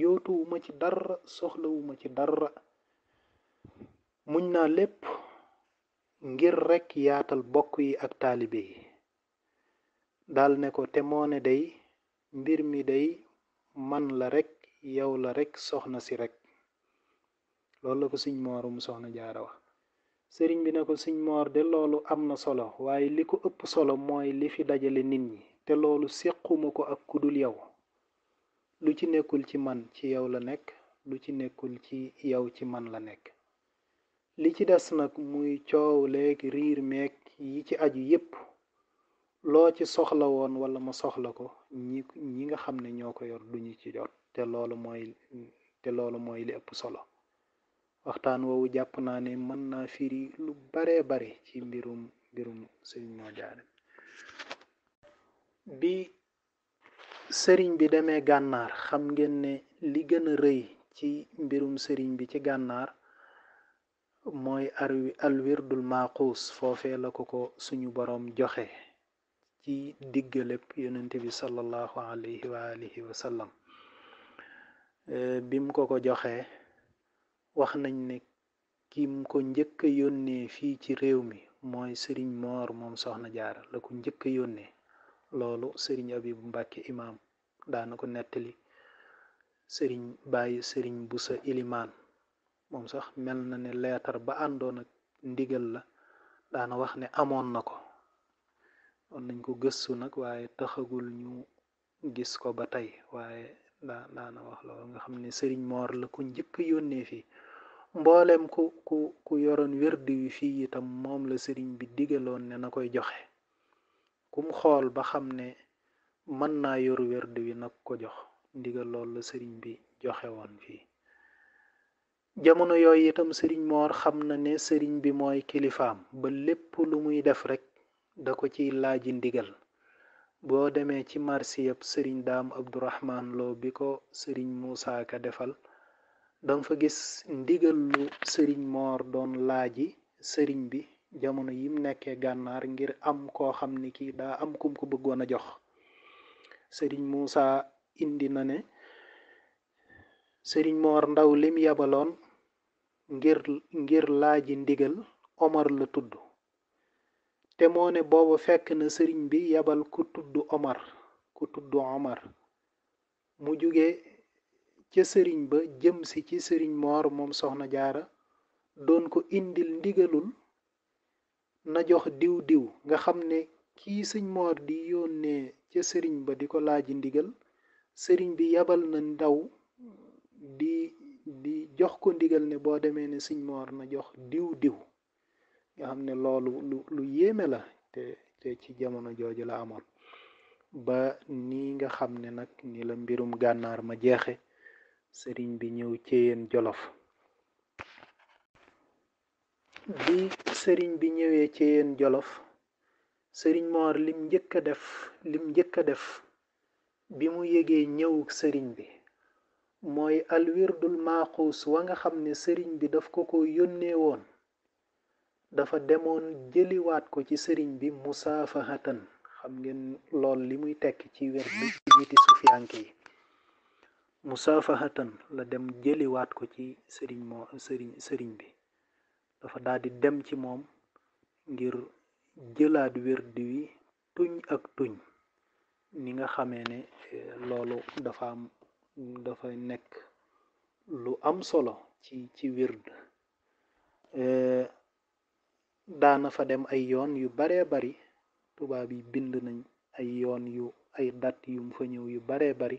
yootuwuma ci dara soxlawuma ci dara muñ naa lépp ngir rekk yaatal bokk yi ak taalibe yi dal ne ko te moo ne day mbir mi dey man la rekk yow la rekk soxna si rekk loolu la ko siñ mu soxna jaara wax sëriñ bi ne ko siñ moor de loolu am na solo waaye li ko ëpp solo mooy li fi dajale nit ñi te loolu séquma ko ak kudul yow lu ci nekkul ci man ci yaw la nekk lu ci nekkul ci yow ci man la nekk li ci des nag muy coow leeg riir meek yi ci aju yépp loo ci soxla woon wala ma soxla ko ñi ñi nga xam ne ñoo ko yor duñu ci jot te loolu mooy te loolu mooy li ëpp solo waxtaan woowu jàpp naa ne mën naa firi lu baree bare ci mbirum mbirum Sëriñ Moo Jaara bi sëriñ bi demee gànnaar xam ngeen ne li gën a rëy ci mbirum sëriñ bi ci gànnaar mooy alwirdul maaquus foofee la ko ko suñu boroom joxe ci diggaleb yonent bi sallallahu alayhi wa bim ko ko joxe wax nañ ne kim ko njëkk yónnee fii ci réew mi mooy sëriñ moor moom soxna jaara la ko njëkk yónnee loolu sëriñ abibu mbàkke imaam daana ko nettali sëriñ bàyyi sëriñ bu sa ilimaan moom sax mel na ne leetar ba àndoon ak ndigal la daana wax ne amoon na ko doon nañ ko gëstu nag waaye taxagul ñu gis ko ba tey waaye daa daana wax loolu nga xam ne sëriñ moor la ku njëkk yónnee fii mboolem ku ku ku yoroon wérdi wi fii itam moom la sëriñ bi digaloon ne na koy joxe kum xool ba xam ne mën naa yor werd wi nag ko jox ndigal loolu la sëriñ bi joxe woon fii jamono yooyu itam sëriñ moor xam na ne sëriñ bi mooy kilifaam ba lépp lu muy def rekk da ko ciy laaji ndigal boo demee ci marsi yëpp sëriñ daam abdurahman loo bi ko sëriñ Moussa ka defal danga fa gis ndigal lu sëriñ moor doon laaji sëriñ bi jamono yim nekkee gànnaar ngir am koo xam ne kii daa am kum ko bëggoon a jox sëriñ Moussa indi na ne sëriñ Moor Ndaw lim yabaloon ngir laaji ndigal Omar la tudd te moo ne booba fekk na sëriñ bi yabal ku tudd Omar ku tudd Omar mu jóge ca sëriñ ba jëm si ci sëriñ Moor moom soxna jaara doon ko indil ndigalul na jox diw diw nga xam ne kii sëñ moor di yónnee ca sëriñ ba di ko laaji ndigal sëriñ bi yabal na ndaw di di jox ko ndigal ne boo demee ne sëñ moor na jox diw diw nga xam ne loolu lu yéeme la te ci jamono jooju la amoon ba ni nga xam ne nag ni la mbirum gànnaar ma jeexe sëriñ bi ñëw ceyeen jolof bi sëriñ bi ñëwee ci yéen jolof sëriñ moor lim njëkk a def lim njëkk def bi mu yégee ñëw sëriñ bi mooy alwirdul maaxuus wa nga xam ne sëriñ bi daf ko ko yónnee woon dafa demoon jëliwaat ko ci sëriñ bi musaafahatan xam ngeen lool li muy tekk ci wér bi ci niti sufiyanke yi musaafahatan la dem jëliwaat ko ci sëriñ moo sëriñ sëriñ bi dafa daal dem ci moom ngir jëlaat wérdi wi tuñ ak tuñ ni nga xamee ne loolu dafa am dafa nekk lu am solo ci ci wérd daana fa dem ay yoon yu baree bari tubaab yi bind nañ ay yoon yu ay dat yum fa ñëw yu baree bari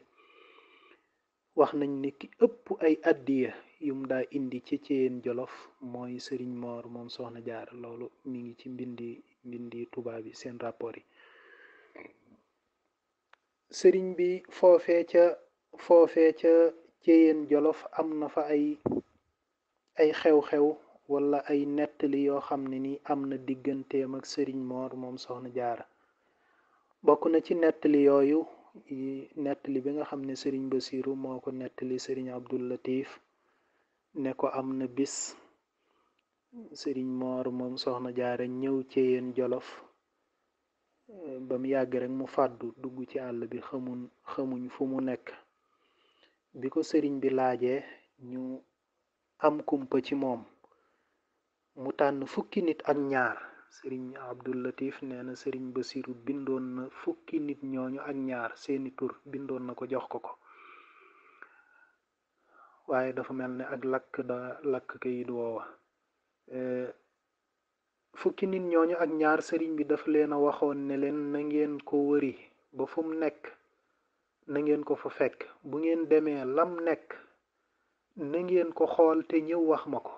wax nañ ne ki ëpp ay addiya yum daa indi ci ceen jolof mooy sëriñ moor moom soxna jaar loolu mi ngi ci mbindi mbindi tubaab bi seen rapport yi sëriñ bi foofee ca foofee ca ceyeen jolof am na fa ay ay xew-xew wala ay nettali yoo xam ne ni am na digganteem ak sëriñ moor moom soxna jaara bokk na ci nettali yooyu nettali bi nga xam ne sëriñ basiru moo ko nettali sëriñ abdul latif ne ko am na bis sëriñ moor moom soxna jaare ñëw ci jolof ba mu yàgg rek mu fàddu dugg ci àll bi xamuñ fu mu nekk bi ko sëriñ bi laajee ñu am kumpa ci moom mu tànn fukki nit ak ñaar sëriñ Abdul Latif nee na sëriñ Basiru bindoon na fukki nit ñooñu ak ñaar seeni tur bindoon na ko jox ko ko waaye dafa mel ne ak lakk da lakk kayit woowa fukki nit ñooñu ak ñaar sëriñ bi daf leen a waxoon ne leen na ngeen ko wëri ba fu nekk na ngeen ko fa fekk bu ngeen demee lam nekk na ngeen ko xool te ñëw wax ma ko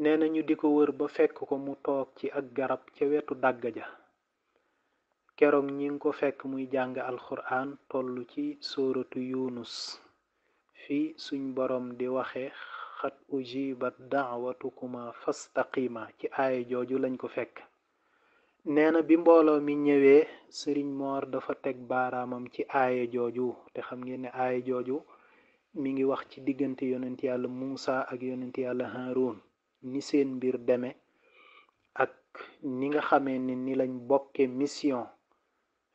nee na ñu di ko wër ba fekk ko mu toog ci ak garab ca wetu dàgg ja keroog ñi ngi ko fekk muy jàng alxuraan toll ci sóoratu yunus fi suñ boroom di waxe xat ujibat dawatukuma fastaqima ci aaya jooju lañ ko fekk nee na bi mbooloo mi ñëwee sëriñ moor dafa teg baaraamam ci aaya jooju te xam ngeen ne aaya jooju mi ngi wax ci diggante yonent yàlla Muusa ak yonent yàlla Haarun ni seen mbir demee ak ni nga xamee ne ni lañ bokke mission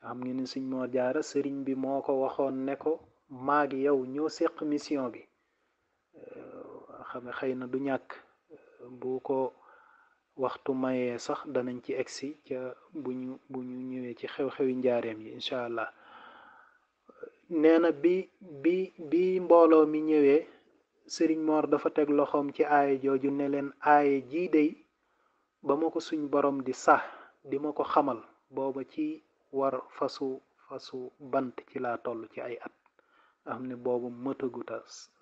xam ngeen ne moor jaara sëriñ bi moo ko waxoon ne ko maag yow ñëw seq mission bi euh, xam ne xëy na du ñàkk bu ko waxtu mayee sax danañ ci egsi ca bu ñu ñëwee ci xew-xewi njaareem yi incha allah nee na bi bi bi mbooloo mi ñëwee sëriñ moor dafa teg loxoom ci aaya jooju ne leen aaye jii day ba ma ko suñ boroom di sax di ma ko xamal booba ci war fasu fasu bant ci laa toll ci ay at am ne boobu mëtaguta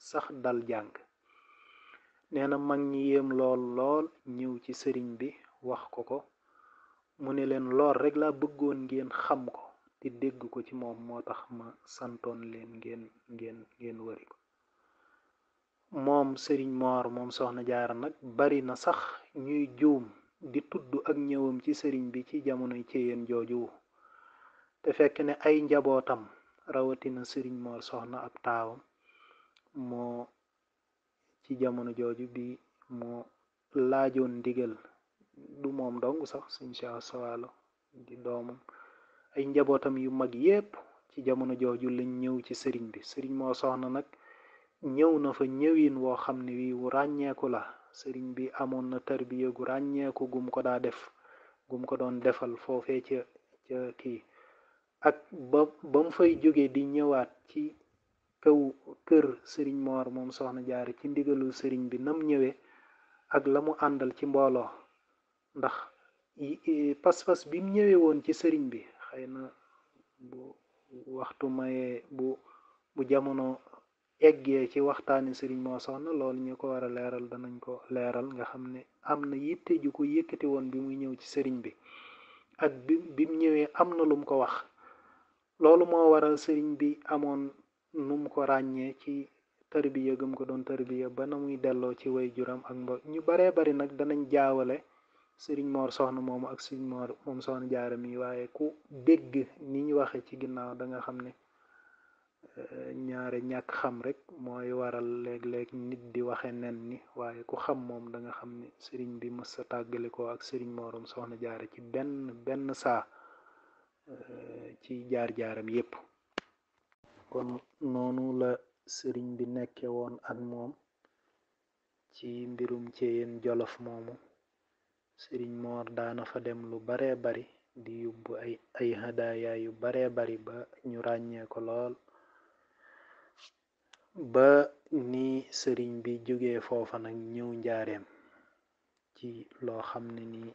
sax dal jàng nee na mag ñi yéem lool lool ñëw ci sëriñ bi wax ko ko mu ne leen lool rek la bëggoon ngeen xam ko te dégg ko ci moom moo tax ma santoon leen ngeen ngeen ngeen wari ko moom sëriñ moor moom soxna jaara nag bari na sax ñuy juum di tudd ak ñëwam ci sëriñ bi ci jamonoy céyeen jooju te fekk ne ay njabootam rawatina Serigne Mor Soxna ab taawam moo ci jamono jooju bi moo laajoon ndigal du moom dong sax suñ Cheikh Sawalo di doomam ay njabootam yu mag yépp ci jamono jooju lañ ñëw ci sëriñ bi sëriñ Mor Soxna nag ñëw na fa ñëwin woo xam ne wii wu ràññeeku la sëriñ bi amoon na tarbiya ràññeeku gum ko daa def gum ko doon defal foofee ca ca kii ak ba ba mu fay jóge di ñëwaat ci kaw kër sëriñ moor moom soxna jaare ci ndigalu sëriñ bi nam ñëwee ak la mu àndal ci mbooloo ndax e, pas-pas bi mu ñëwee woon ci sëriñ bi xëy na bu waxtu mayee bu jamono eggee ci waxtaani sëriñ moo soxna loolu ñu ko war a leeral danañ ko leeral nga xam ne am na yitte ju ko yëkkati woon bi muy ñëw ci sëriñ bi ak bi ñëwee am na lum ko wax loolu moo waral sëriñ bi amoon num ko ràññee ci tarbiya gëm ko doon tarbiya ba na muy delloo ci way juram ak mbokk ñu baree bari nag danañ jaawale sëriñ moor soxna moom ak sëriñ moor moom soxna jaara mi waaye ku dégg ni ñu waxe ci ginnaaw da nga xam ne eh, ñaare ñàkk xam rek mooy waral léeg-léeg nit di waxe nen ni waaye ku xam moom da nga xam ne sëriñ bi mës sa tàggalikoo ak sëriñ moorum soxna jaare ci benn benn saa Eh, ci jaar-jaaram yépp kon noonu la sëriñ bi nekke woon ak moom ci mbirum Ceyeen Jolof moomu sëriñ Moor daana fa dem lu baree bari di yóbbu ay ay hadaaya yu baree bari ba ñu ràññee ko lool ba ni sëriñ bi jóge foofa nag ñëw njaareem ci loo xam ne nii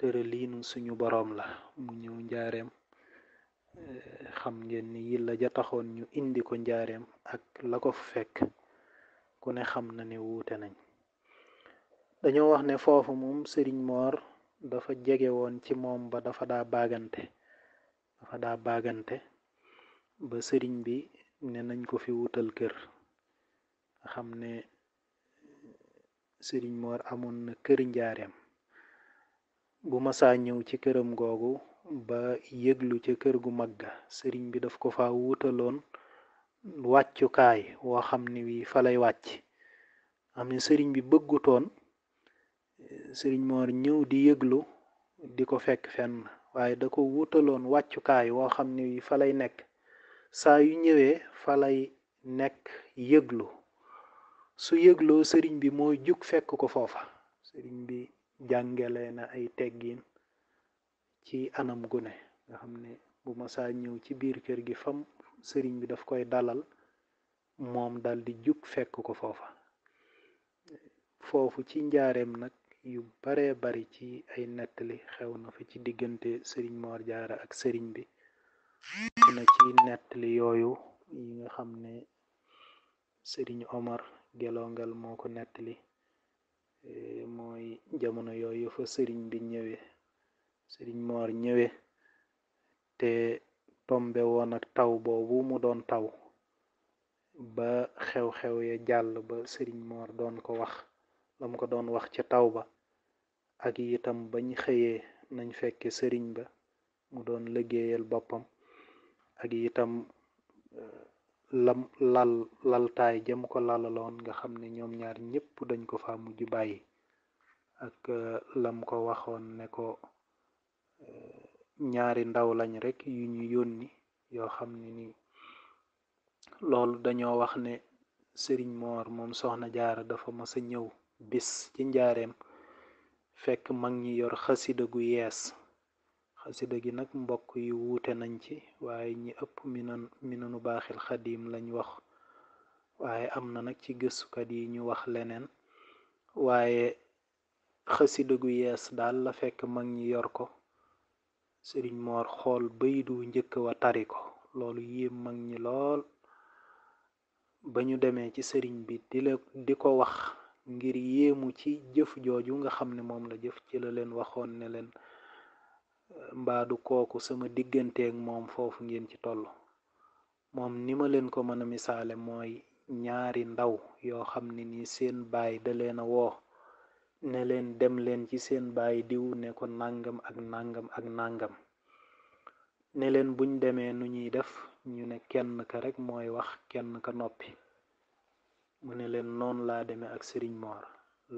tëraliinu suñu boroom la mu ñëw njaareem eh, xam ngeen ni yilla ja taxoon ñu indi ko njaareem ak la ko fekk ku ne xam na ne wuute nañ dañoo wax ne foofu moom sëriñ moor dafa jege woon ci moom ba dafa daa baagante dafa daa baagante ba sëriñ bi ne nañ ko fi wutal kër xam ne eh, sëriñ moor amoon na kër njaareem bu masaa ñëw ci këram googu ba yëglu ca kër gu mag ga sëriñ bi daf ko fa wutaloon wàccukaay woo xam ni wi fa lay wàcc am ne sëriñ bi bëggutoon sëriñ moor ñëw di yëglu di ko fekk fenn waaye da ko wutaloon wàccukaay woo xam ne wi fa lay nekk saa yu ñëwee fa lay nekk yëglu su yëgloo sëriñ bi mooy jug fekk ko foofa sëriñ bi jàngale na ay teggin ci anam gune nga xam ne bu masaa ñëw ci biir kër gi fam sëriñ bi daf koy dalal moom dal di jug fekk ko foofa foofu ci njaareem nag yu baree bari ci ay nettali xew na fa ci diggante sëriñ Moor ak sëriñ bi na ci nettali yooyu yi nga xam ne sëriñ Omar gelongal moo ko nettali jamono yooyu fa sëriñ bi ñëwe sëriñ moor ñëwe te tombe woon taw boobu mu doon taw ba xew-xew ye jàll ba sëriñ moor doon ko wax lam ko doon wax ca taw ba ak itam bañ xëyee nañ fekke sëriñ ba mu doon liggéeyal boppam ak itam eh, lam lal laltaay jëm ko lalaloon nga xam ne ñoom ñaar ñépp dañ ko fa mujj bàyyi ak eh, lam ko waxoon ne ko eh, ñaari ndaw lañ rekk yu ñu yónni yoo xam ne nii loolu dañoo wax ne sëriñ moor moom soxna jaara dafa mas a ñëw bis ci njaareem fekk mag ñi yor xasida gu yees xasida gi nag mbokk yu wuute nañ ci waaye ñi ëpp minan nu baaxil xadiim lañ wax waaye am na nag ci gëstukat yi ñu wax leneen waaye xasida gu yees daal la fekk mag ñi yor ko sëriñ moor xool baydu njëkk wa tari ko loolu yéem mag ñi lool ba ñu demee ci sëriñ bi di la di ko wax ngir yéemu ci jëf jooju nga xam ne moom la jëf ci la leen waxoon ne leen mbaadu kooku sama digganteek moom foofu ngeen ci toll moom ni ma leen ko mën a misaale mooy ñaari ndaw yoo xam ne nii seen baay da leen a woo ne leen dem leen ci seen baay diw ne ko nangam ak nangam ak nangam ne leen buñ demee nu ñuy def ñu ne kenn ka rek mooy wax kenn ka noppi mu ne leen noonu laa demee ak sëriñ moor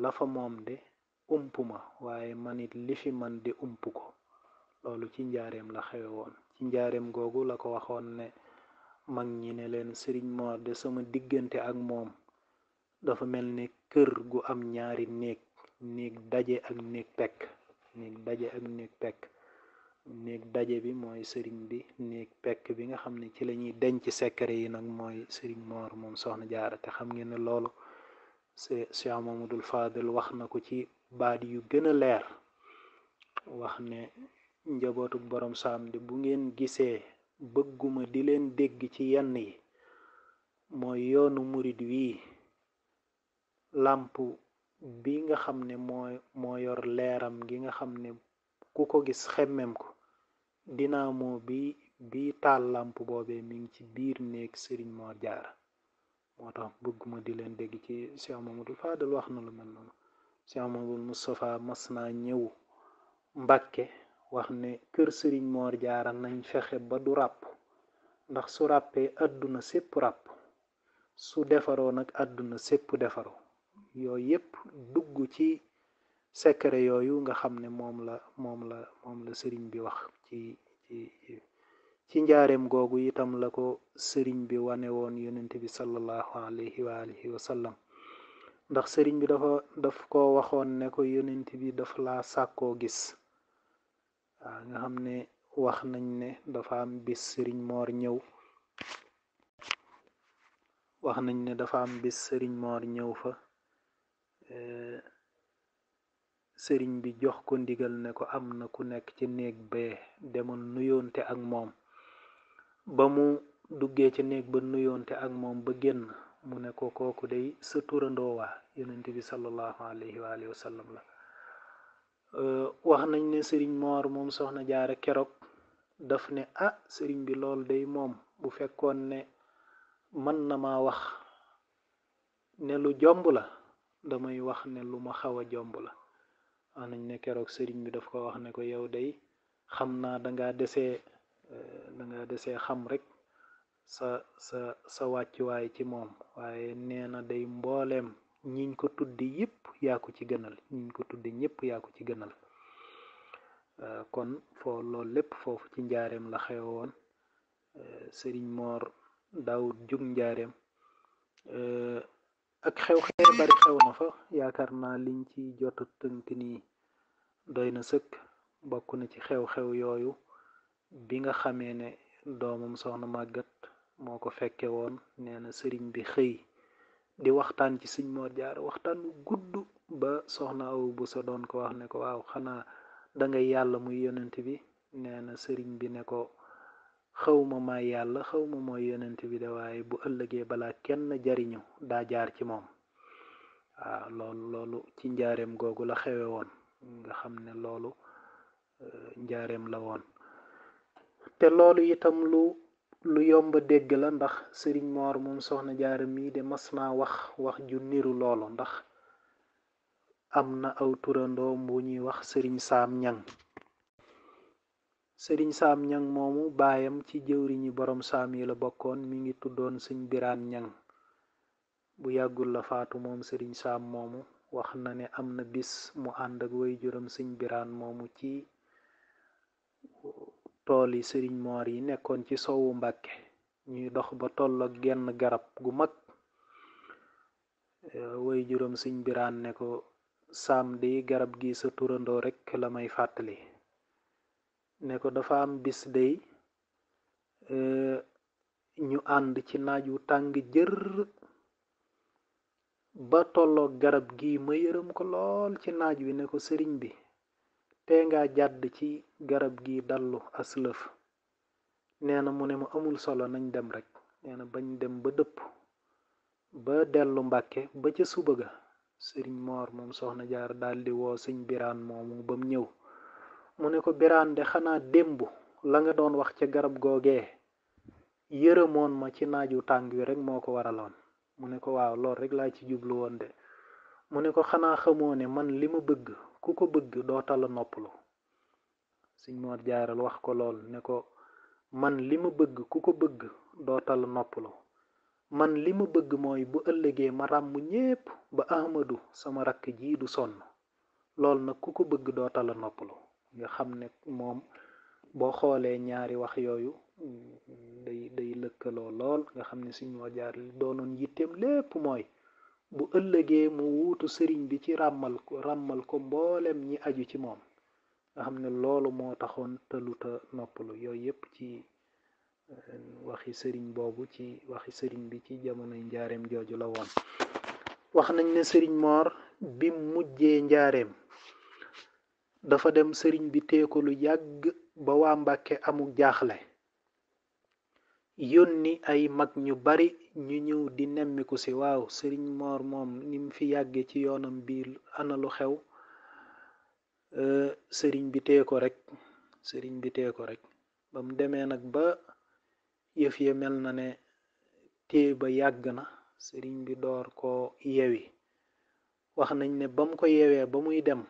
la fa moom de ump ma waaye manit li fi man di ump ko loolu ci njaareem la xewe woon ci njaareem googu la ko waxoon ne mag ñi ne leen sëriñ moor de sama diggante ak moom dafa mel ne kër gu am ñaari néeg néeg daje ak néeg pekk néeg daje ak néeg pekk néeg daje bi mooy sëriñ bi néeg pekk bi nga xam ne ci lañuy denc secret yi nag mooy sëriñ moor moom soxna jaara te xam ngeen ne loolu Cheikh Mamadul Fadil wax na ko ci baat yu gëna a leer wax ne njabootu boroom saam di bu ngeen gisee bëgguma di leen dégg ci yenn yi mooy yoonu murid wii làmp bi nga xam ne moo moo yor leeram gi nga xam ne ku ko gis xemmem ko dinaamo bi bi taal làmp boobee mi ngi ci biir néeg sëriñ Moor Jaara moo tax bëgguma di leen dégg ci Cheikh Mamadou Fadal wax na lu mel noonu Cheikh Mamadou Moustapha mas naa ñëw Mbàkke wax ne kër sëriñ Moor Jaara nañ fexe ba du ràpp ndax su ràppee àdduna sépp ràpp su defaroo nag àdduna sépp defaroo yooyu yépp dugg ci secret yooyu nga xam ne moom la moom la moom la sëriñ bi wax ci ci ci njaareem googu itam la ko sëriñ bi wane woon yonent bi sallallahu alayhi wa ndax sëriñ bi dafa daf ko waxoon ne ko yonent bi daf laa sàkkoo gis waaw nga xam ne wax nañ ne dafa am bis sëriñ moor ñëw wax nañ ne dafa am bis sëriñ moor ñëw fa Eh, sëriñ bi jox ko ndigal ne ko am na ku nekk ci néeg bee demoon nuyoonte ak moom ba mu duggee ca néeg ba nuyoonte ak moom ba génn mu ne ko kooku day sa turandoo waa yonent bi sallallahu alayhi wa alihi wa la eh, wax nañ ne sëriñ moor moom soxna jaara keroog daf ne a ah, sëriñ bi lool day moom bu fekkoon ne mën na maa wax ne lu jomb la damay wax ne lu ma xaw a jomb la wax nañ ne keroog sëriñ bi daf ko wax ne ko yow day xam naa danga dese eh, dangaa desee xam rek sa sa sa wàccuwaay ci moom waaye nee na day mbooleem ñiñ ko tuddi yëpp yaa ko ci gënal ñiñ ko tuddi ñëpp yaa ko ci gënal eh, kon foo loolu lépp foofu ci njaareem la xew woon eh, sëriñ moor daawut jug njaareem ak xew-xew bari xew na fa yaakaar naa liñ ci jot tënk ni doy na sëkk bokk na ci xew-xew yooyu bi nga xamee ne doomam soxna màggat moo ko fekke woon nee na sëriñ bi xëy di waxtaan ci sëñ Moor Jaara waxtaan gudd ba soxna aw bu sa doon ko wax ne ko waaw xanaa da yàlla muy yonent bi nee na bi ne ko xawma may yàlla xawma mooy yonent bi de waaye bu ëllëgee balaa kenn jariñu daa jaar ci moom waaw loolu loolu ci njaareem googu la xewe woon nga xam ne loolu euh, njaareem la woon te loolu itam lu lu yomb dégg la ndax sëriñ moor moom soxna jaara mii de mas naa wax wax ju niru loolu ndax am na aw turandoo bu ñuy wax sëriñ saam ñang sëriñ saam ñaŋ moomu baayam ci jëwriñi boroom saam yi la bokkoon mu ngi tuddoon sëñ biraan ñang bu yàggul la faatu moom sëriñ saam moomu wax na ne am na bis mu ànd ak way juróom sëñ biraan moomu ci tool yi sëriñ moor yi nekkoon ci sowu mbàkke ñuy dox ba tolloog genn garab gu mag eh, way juróom sëñ biraan ne ko saam di garab gi sa turandoo rekk la may fàttali ne ko dafa am bis dey eh, ñu ànd ci naaj wu tàng jër ba tolloog garab gi ma yërëm ko lool ci naaj wi ne ko sëriñ bi tee nga jàdd ci garab gi dallu aslëf nee na mu ne mu amul solo nañ dem rekk neena bañ dem ba dëpp ba dellu mbàkke ba ca suba ga sëriñ moor moom soxna jaar daldi woo sëñ biraan moomu ba mu ñëw mu ne ko biraande xanaa démb la nga doon wax ca garab googee yërëmoon ma ci naaju tàng wi rek moo ko waraloon mu ne ko waaw lool rek laa ci jublu woon de mu ne ko xanaa xamoo ne man li ma bëgg ku ko bëgg doo tala noppalu sëñ Moor Jaaral wax ko lool ne ko man li ma bëgg ku ko bëgg doo tala man li ma bëgg mooy bu ëllëgee ma ràmm ñépp ba Ahmadu sama rakk jii du sonn lool nag ku ko bëgg doo noppalu nga xam ne moom boo xoolee ñaari wax yooyu day day lëkkaloo lool nga xam ne si ñoo jaar doonoon yitteem lépp mooy bu ëllëgee mu wuutu sëriñ bi ci ràmmal ko ràmmal ko mboolem ñi aju ci moom nga xam ne loolu moo taxoon tëluta noppalu yooyu yépp ci eh, waxi sëriñ boobu ci waxi sëriñ bi ci jamonoy njaareem jooju la woon wax nañ ne sëriñ moor bi mujjee njaareem dafa dem sëriñ bi teeku lu yàgg ba waa mbàkke amuk jaaxle yónni ay mag ñu bari ñu ñëw di nemmiku si waaw sëriñ moor moom nim fi yàggee ci yoonam bi ana lu xew sëriñ bi tee ko rek sëriñ bi tee ko rek ba mu demee nag ba yëf ya mel na ne tée ba yàgg na sëriñ bi door ko yewi wax nañ ne ba mu ko yewee ba muy dem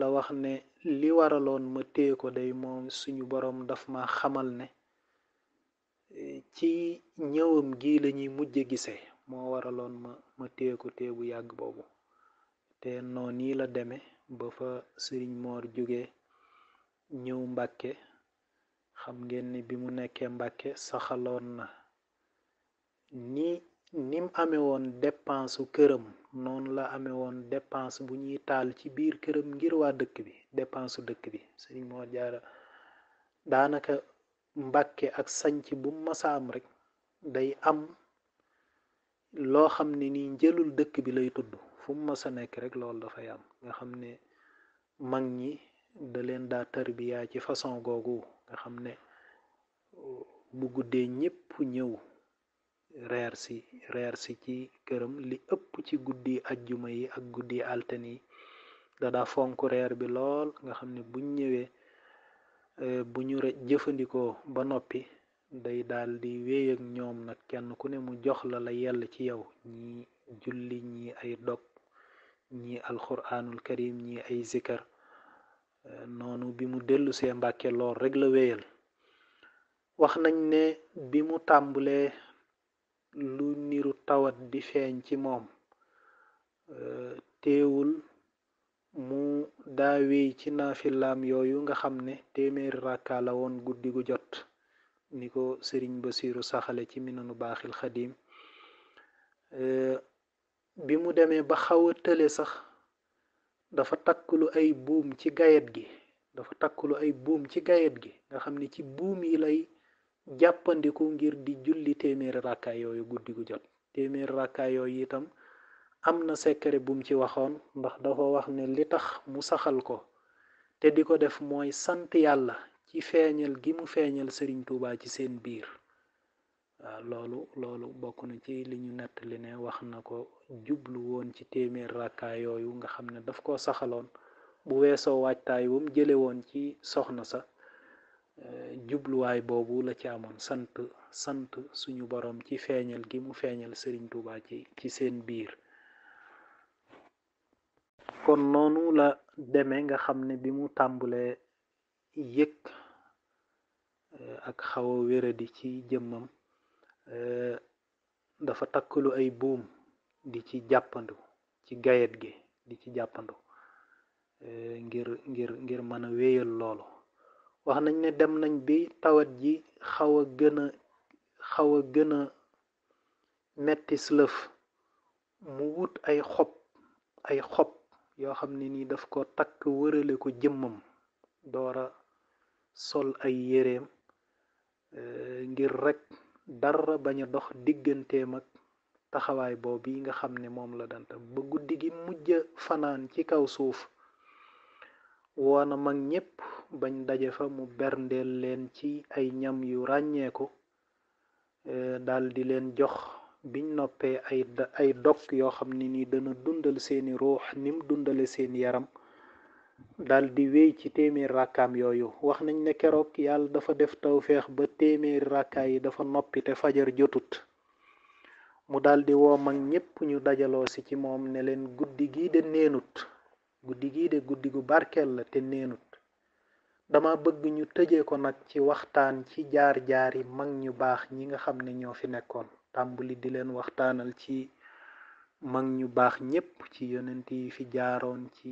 la wax ne li waraloon ma téye ko day moom suñu boroom daf ma xamal ne ci ñëwam gi lañuy mujje gise moo waraloon ma ma ko téye bu yàgg boobu te noonu nii la deme ba fa sëriñ moor jóge ñëw mbàkke xam ngeen bi mu nekkee mbàkke saxaloon na ni nim amee woon dépensu këram noonu la amee woon dépense bu ñuy taal ci biir këram ngir waa dëkk bi dépense dëkk bi sëriñ moo Jaara daanaka mbàkke ak sanc bu masaam rek day am loo xam ne nii njëlul dëkk bi lay tudd fu mu masa nekk rek loolu dafay am nga xam ne mag ñi da leen daa tarbiyaa ci façon googu nga xam ne bu guddee ñépp ñëw reer si ci këram li ëpp ci guddi ajjuma yi ak guddi altene yi da fonk reer bi lool nga xam ne buñ ñëwee eh, bu ñu jëfandikoo ba noppi day daldi di ñoom nag kenn ku ne mu jox la la yell ci yow ñi julli ñi ay dog ñi alquranul karim ñi ay zikar eh, noonu bimu dellusee dellu lool rekk la wéyal wax nañ ne bi tàmbulee lu niru tawat di feeñ ci moom euh, teewul mu daawey ci naafilaam yooyu nga xam ne téeméeri rakkaa la woon guddi gu jot ni ko sëriñ siiru saxale ci minanu baaxil xadiim euh, bi mu demee ba xaw a tële sax dafa takklu ay buum ci gayet gi dafa takklu ay buum ci gayet gi nga xam ne ci buum yi lay jàppandiku ngir di julli téeméeri rakka yooyu guddi gu jot téeméeri rakka yooyu itam am na secret bu ci waxoon ndax dafa wax ne li tax mu saxal ko te di ko def mooy sant yàlla ci feeñal gi mu feeñal sëriñ tuuba ci seen biir loolu loolu bokk na ci li ñu nettali ne wax na ko jublu woon ci téeméer rakka yooyu nga xam ne daf ko saxaloon bu weesoo waajtaay wum jële woon ci soxna sa jubluwaay boobu la ci amoon sant sant suñu boroom ci feeñal gi mu feeñal Serigne Touba ci seen biir kon noonu la demee nga xam ne bi mu tàmbulee yëg eh, ak xaw a wéradi ci jëmmam eh, dafa takkalu ay buum di ci jàppandu ci gayet gi di ci jàppandu eh, ngir ngir ngir mën a wéyal loolu wax nañ ne dem nañ bi tawat ji xaw a gën xaw a gën a metti lëf mu wut ay xob ay xob yoo xam ne nii daf ko takk wërale ko jëmmam doora sol ay yéreem euh, ngir rek dara bañ a dox digganteem ak taxawaay boobu yi nga xam ne moom la danta ba guddi gi mujj fanaan ci kaw suuf woona mag ñépp bañ daje fa mu berndeel leen ci ay ñam yu ràññeeku e, daal di leen jox biñ noppee ay ay dog yoo xam ne ni dana dundal seeni ruux nim dundale seen yaram daal di wéy ci téeméeri rakkaam yooyu wax nañ ne keroog yàlla dafa def feex ba téeméeri rakkaa yi dafa noppi te fajar jotut mu daal di woo mag ñépp ñu dajaloo si ci moom ne leen guddi gii de neenut guddi gii de guddi gu barkeel la te neenut dama bëgg ñu tëje ko nag ci waxtaan ci jaar-jaari mag ñu baax ñi nga xam ne ñoo fi nekkoon tàmbali di leen waxtaanal ci mag ñu baax ñépp ci yonent yi fi jaaroon ci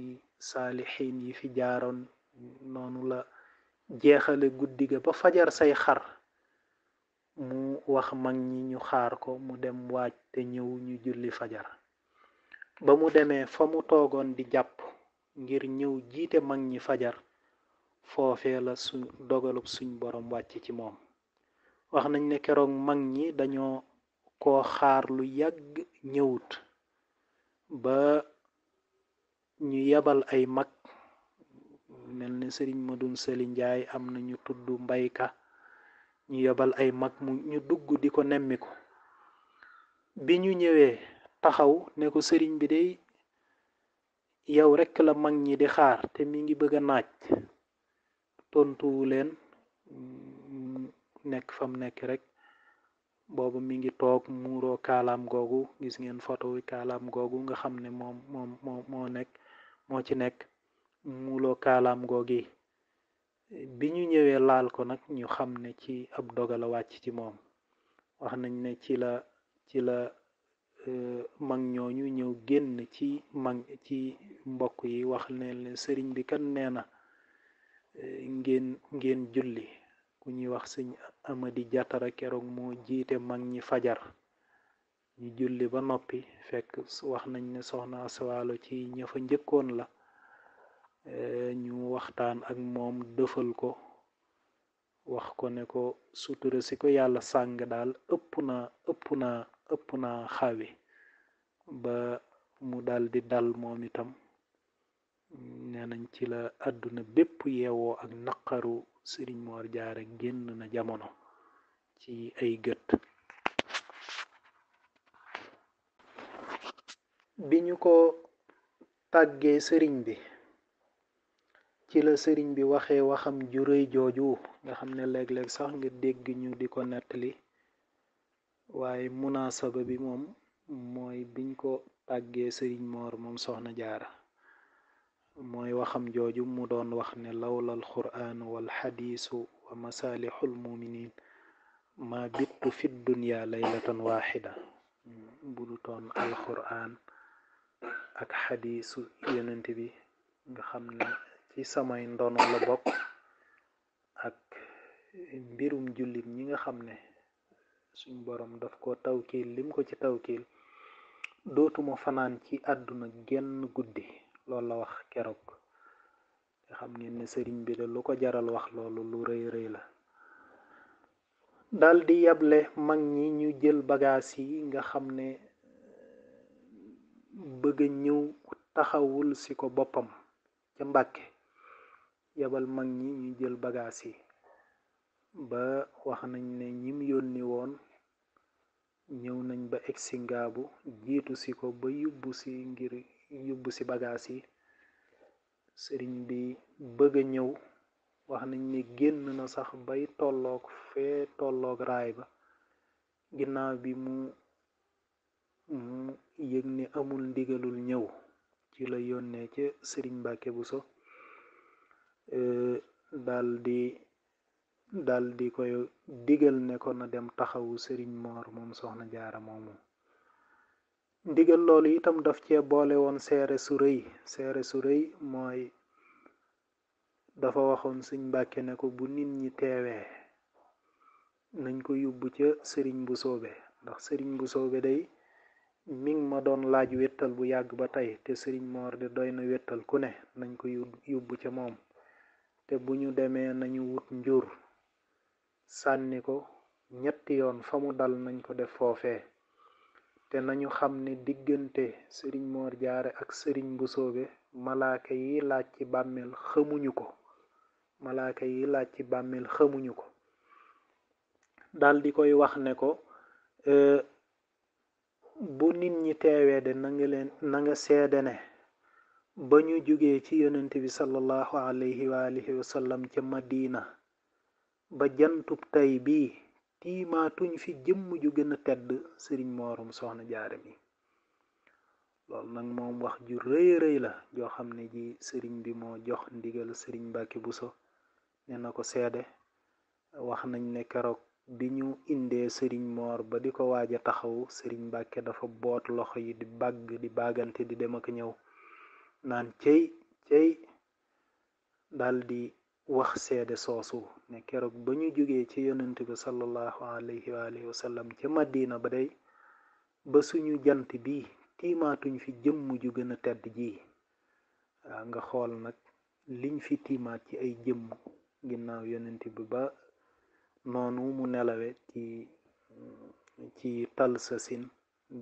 saalixiin yi fi jaaroon noonu la jeexale guddi ga ba fajar say xar mu wax mag ñi ñu xaar ko mu dem waaj te ñëw ñu julli fajar ba mu demee fa mu toogoon di jàpp ngir ñëw jiite mag ñi fajar foofee la suñ dogalub suñ borom wàcc ci moom wax nañ ne keroog mag ñi dañoo ko xaar lu yàgg ñëwut ba ñu yebal ay mag mel ne sëriñ Madun seli Njaay am na ñu tudd mbayka ñu yebal ay mag ñu dugg di ko nemmiku bi ñu ñëwee taxaw ne ko sëriñ bi day yow rekk la mag ñi di xaar te mi ngi bëgg a naaj tontuwu leen nekk fam nekk rek boobu mi ngi toog muuroo kaalaam googu gis ngeen photo yi kaalaam googu nga xam ne moom moom moo nekk moo ci nekk muuloo kaalaam googi bi ñu ñëwee laal ko nag ñu xam ne ci ab dogala wàcc ci moom wax nañ ne ci la ci la e, mag ñooñu ñëw génn ci mag ci mbokk yi wax ne leen bi kan nee na Eh, ngeen julli ku ñuy wax sëñ amadi jatara keroog moo jiite mag ñi fajar ñu julli ba noppi fekk wax nañ ne soxna aswaalo ci ña njëkkoon la eh, ñu waxtaan ak moom dëfal ko wax ko ne ko sutura si ko yàlla sàng daal na ëpp na ëpp na xawi ba mu dal di dal moom itam nee nañ ci la àdduna bépp yeewoo ak naqaru sëriñ moor jaare génn na jamono ci ay gët bi ñu ko tàggee sëriñ bi ci la sëriñ bi waxee waxam ju jooju nga xam ne léeg-léeg sax nga dégg ñu di ko nettali waaye munaasaba bi moom mooy biñ ko tàggee sëriñ moor moom soxna jaara mooy waxam jooju mu doon wax ne lawla alquraan walxadiisu wa masaalixu lmuminin ma bittu fi dunya laylatan waaxida bulu toon alquraan ak xadiisu bi nga xam ne ci samay ndono la bokk ak mbirum jullit ñi nga xam ne suñ borom daf ko tawkiil lim ci tawkiil dootuma fanaan ci àdduna genn guddi loolu la wax keroog te xam ngeen ne sëriñ bi de lu ko jaral wax loolu lu rëy rëy la daldi yable mag ñi ñu jël bagaas yi nga xam ne bëgg ñëw taxawul si ko boppam ca Mbàkke yabal mag ñi ñu jël bagaas yi ba wax nañ ne ñim yónni woon ñëw nañ ba egsi ngaabu jiitu si ko ba yóbbu si ngir yóbbu si bagaas yi sëriñ bi bëgg ñëw wax nañ ni génn na sax bay tolloog fee tolloog raay ba ginnaaw bi mu mu yëg ni amul ndigalul ñëw ci la yónnee ca sëriñ Mbàkke Buso e, dal di dal di koy digal ne ko na dem taxawu sëriñ Moor moom soxna jaara moomu ndigal loolu itam daf cee boole woon seere su rëy seere su rëy mooy dafa waxoon sëñ Mbàkke ne ko bu nit ñi teewee nañ ko yóbbu ca sëriñ bu soobe ndax sëriñ bu soobe day ming ma doon laaj wetal bu yàgg ba tey te sëriñ moor de doy na wéttal ku ne nañ ko yóbbu ca moom te bu ñu demee nañu wut njur sànni ko ñetti yoon fa mu dal nañ ko def foofee te nañu xam ne diggante sëriñ moor jaare ak sëriñ mbusoobe malaaka yi laaj ci bàmmeel ko malaaka yi laaj ci bàmmeel xamuñu ko dal di koy wax ne ko euh, bu nit ñi teewee de na nga seede ne ba ñu jugee ci yonent bi sallallahu alayhi wa alihi ca madina ba jantub tey bii tiimaatuñ fi jëmm ju gën a tedd sëriñ moorum soxna jaara mi loolu nag moom wax ju rëy rëy la joo xam ne ji sëriñ bi moo jox ndigal sëriñ Mbàkke so ne na ko seede wax nañ ne keroog bi ñu indee sëriñ moor ba di ko waaja a taxaw sëriñ Mbàkke dafa boot loxo yi di bàgg di bàggante di dem ak ñëw naan cey cey daldi wax seede soosu ne keroog ba ñu jógee ci yonent bi sallallahu alayhi wa alihi madina ba day ba suñu jant bi tiimaatuñ fi jëmm ju gën a tedd ji nga xool nag liñ fi tiimaat ci ay jëmm ginnaaw yonent bi ba noonu mu nelawe ci ci talsasin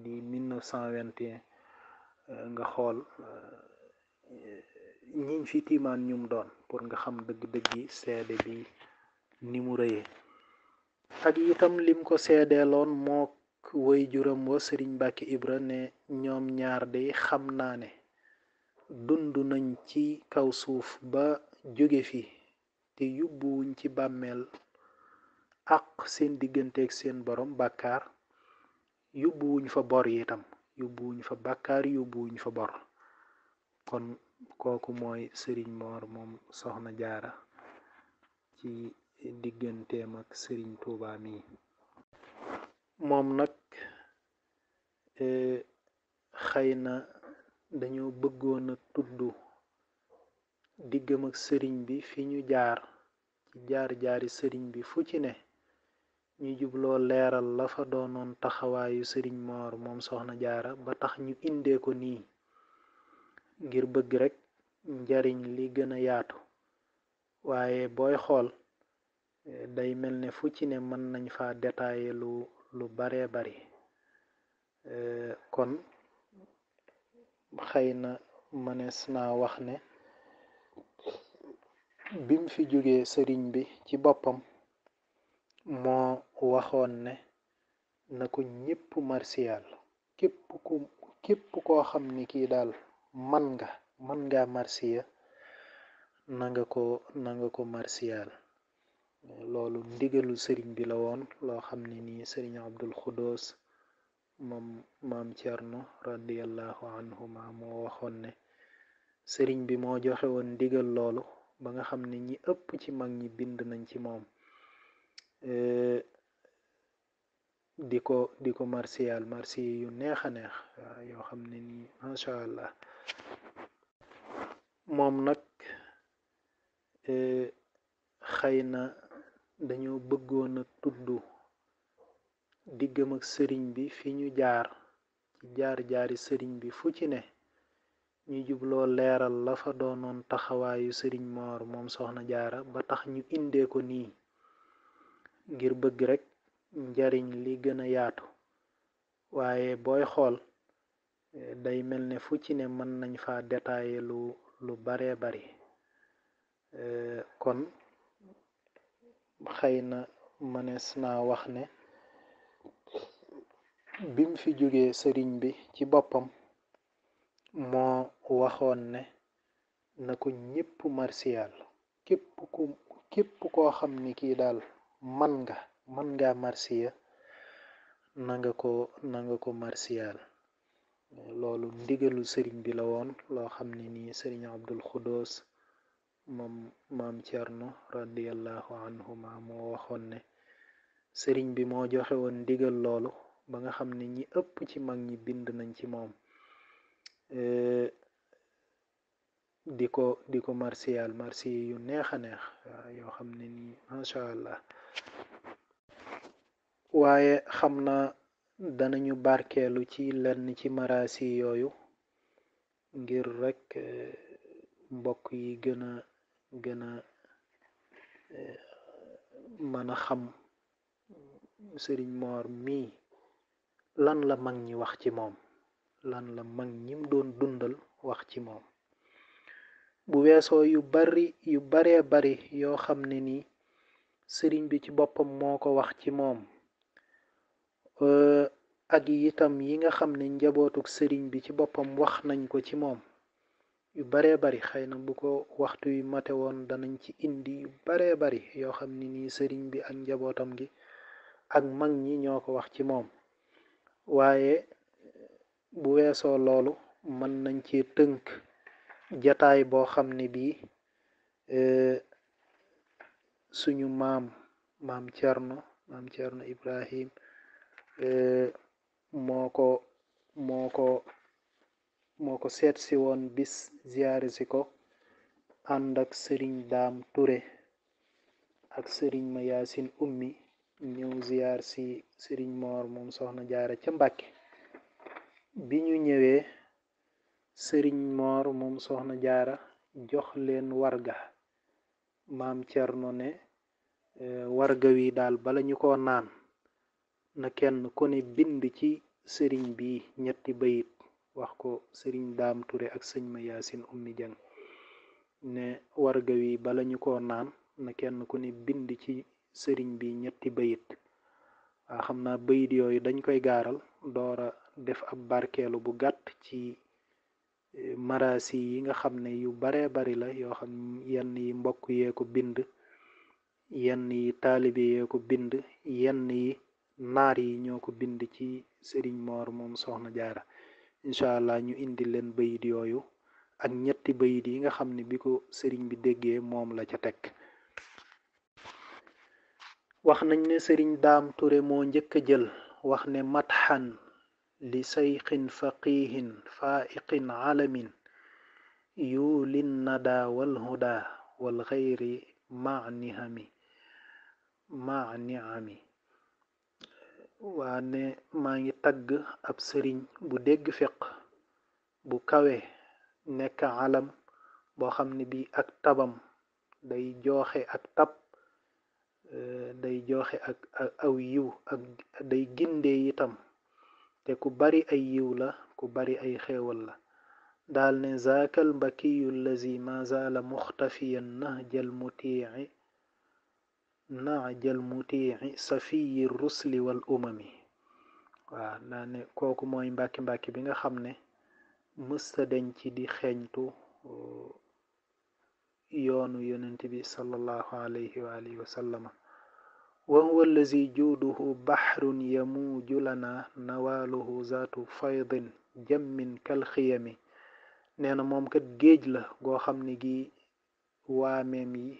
di 1921 nga xool ñiñ fi tiimaan ñum doon pour nga xam dëgg-dëggi seede bi ni mu rëyee ak itam lim ko seedeeloon mook woy juram wa sëriñ Mbàkke Ibra ne ñoom ñaar de xam naa ne dund nañ ci kaw suuf ba jóge fi te yóbbuwuñ ci bàmmeel ak seen digganteeg seen borom bàkkaar yóbbuwuñ fa bor yi itam yóbbuwuñ fa bàkkaar yóbbuwuñ fa bor kon kooku mooy sëriñ moor moom soxna jaara ci digganteem ak sëriñ tuuba mii moom nag e, xëy na dañoo bëggoon a tudd diggam ak sëriñ bi fi ñu jaar ci jaar-jaari sëriñ bi fu ci ne ñu jubloo leeral la doonoon taxawaayu sëriñ moor moom soxna jaara ba tax ñu indee ko nii ngir bëgg rekk njariñ li gën a yaatu waaye booy xool eh, day mel ne fu ci ne mën nañ fa détaillé lu lu baree bari eh, kon xëy na mënees naa wax ne bim fi jógee sëriñ bi ci boppam moo waxoon ne na ko ñépp marsiyaal képp ku képp koo xam ni kii daal man nga man ngaa marsiya na ko nanga ko marsiyaal loolu ndigalu sëriñ bi la woon loo xam ne nii sëriñ Abdul Xudoos moom maam Cerno radiallahu anhuma moo waxoon ne sëriñ bi moo joxe woon ndigal loolu ba nga xam ne ñi ëpp ci mag ñi bind nañ ci moom di ko di ko marsiyaal marsiya yu neex a neex yoo xam ne nii macha allah moom nag eh, xëy na dañoo bëggoon a tudd diggam ak sëriñ bi fi ñu jaar ci jaar-jaari sëriñ bi fu ci ne ñu jubloo leeral la doonoon taxawaayu sëriñ moor moom soxna jaara ba tax ñu indee ko nii ngir bëgg rekk njariñ li gëna yaatu waaye booy xool day mel ni fu ci ne mën nañ fa détaillé lu lu baree bari euh, kon xëy na mënees naa wax ne bim fi jógee sëriñ bi ci boppam moo waxoon ne na ko ñépp marsiyaal képp ku képp koo xam ni kii daal man nga man ngaa marsiya na nga ko na loolu ndigalu sëriñ bi la woon loo xam ne nii sëriñ Abdul Xudoos moom maam Cerno radiallahu anhuma moo waxoon ne sëriñ bi moo joxe woon ndigal loolu ba nga xam ne ñi ëpp ci mag ñi bind nañ ci moom di ko di ko martial martial yu neex a neex yoo xam ne nii macha allah waaye xam naa danañu barkeelu ci lenn ci maraasi yooyu ngir rek eh, mbokk yi gën a gën a eh, mën a xam sëriñ moor mii lan la mag ñi wax ci moom lan la mag ñi doon dundal wax ci moom bu weesoo yu bari yu baree bari yoo xam ne ni sëriñ bi ci boppam moo ko wax ci moom ak itam yi nga xam ne njabootuk sëriñ bi ci boppam wax nañ ko ci moom yu baree bari xëy na bu ko waxtu yu mate woon danañ ci indi yu baree bari yoo xam ne nii sëriñ bi ak njabootam gi ak mag ñi ñoo wax ci moom waaye bu weesoo loolu mën nañ ci tënk jataay boo xam ne bii e, suñu maam maam Cerno maam Cerno Ibrahim moo ko moo ko moo woon bis ziyaare si ko ànd ak sëriñ daam ture ak sëriñ ma yaasin ummi ñëw ziyaar si sëriñ moor moom soxna jaara ca mbàkke bi ñu ñëwee sëriñ moor moom soxna jaara jox leen warga maam cerno ne warga wi daal bala ñu ko naan na kenn ku ne bind ci sëriñ bi ñetti bayit wax ko sëriñ daam ture ak sëñ ma yaasin ummi jang ne warga wi bala ñu ko naan na kenn ku ne bind ci sëriñ bi ñetti bayit waa xam naa bayit yooyu dañ koy gaaral doora def ab barkeelu bu gàtt ci e, marasi yi nga xam ne yu baree bari la yoo xam yenn yi mbokk yee ko bind yenn yi taalibe yee ko bind yenn yi naar yi ñoo ko bind ci sëriñ moor moom soxna jaara incha allah ñu indi leen bayit yooyu ak ñetti bayit yi nga xam ne bi ko sëriñ bi déggee moom la ca teg wax nañ ne sëriñ daam ture moo njëkk a jël wax ne matxan li sayxin faqihin faiqin alamin yulin nada walhuda walxayri manihami maniami waa ne maa ngi tagg ab sëriñ bu dégg feq bu kawe nekk alam boo xam ne bii ak tabam day jooxe ak tab euh, day jooxe ak aw ak day gindee itam te ku bari ay yiw la ku bari ay xewal la daal ne zaakal mbakiyu allazi ma zaala muxtafiyan nahjal mutiici naajal mutii safiyi rusli wal umami waaw naa ne kooku mooy mbàkki-mbàkki bi nga xam ne mësta dañ ci di xeeñtu uh, yoonu yonent bi sallallahu alayhi wa alihi wa sallama wa bahrun yamuuju lana nawaaluhu zaatu faydin jammin kalxiyami nee na moom kat géej la goo xam ne gi waameem yi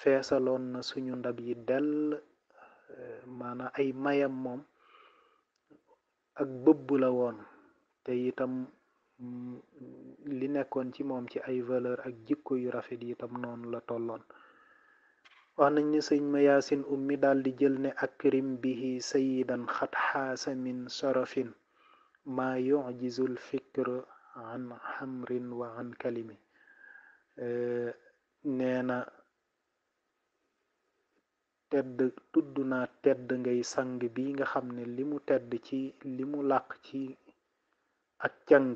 feesaloon na suñu ndab yi dell maanaam ay mayam moom ak bëbb la woon te itam mm, li nekkoon ci moom ci ay valeur ak jikko yu rafet itam noonu la tolloon wax nañ ne sëñ ma yaasin ummi daal di jël ne akrim bihi sayidan xat xaasa min sorofin ma yujizul fikr an xamrin wa an kalimi nee tedd tudd naa tedd ngay sang bi nga xam ne limu tedd ci limu mu làq ci ak càng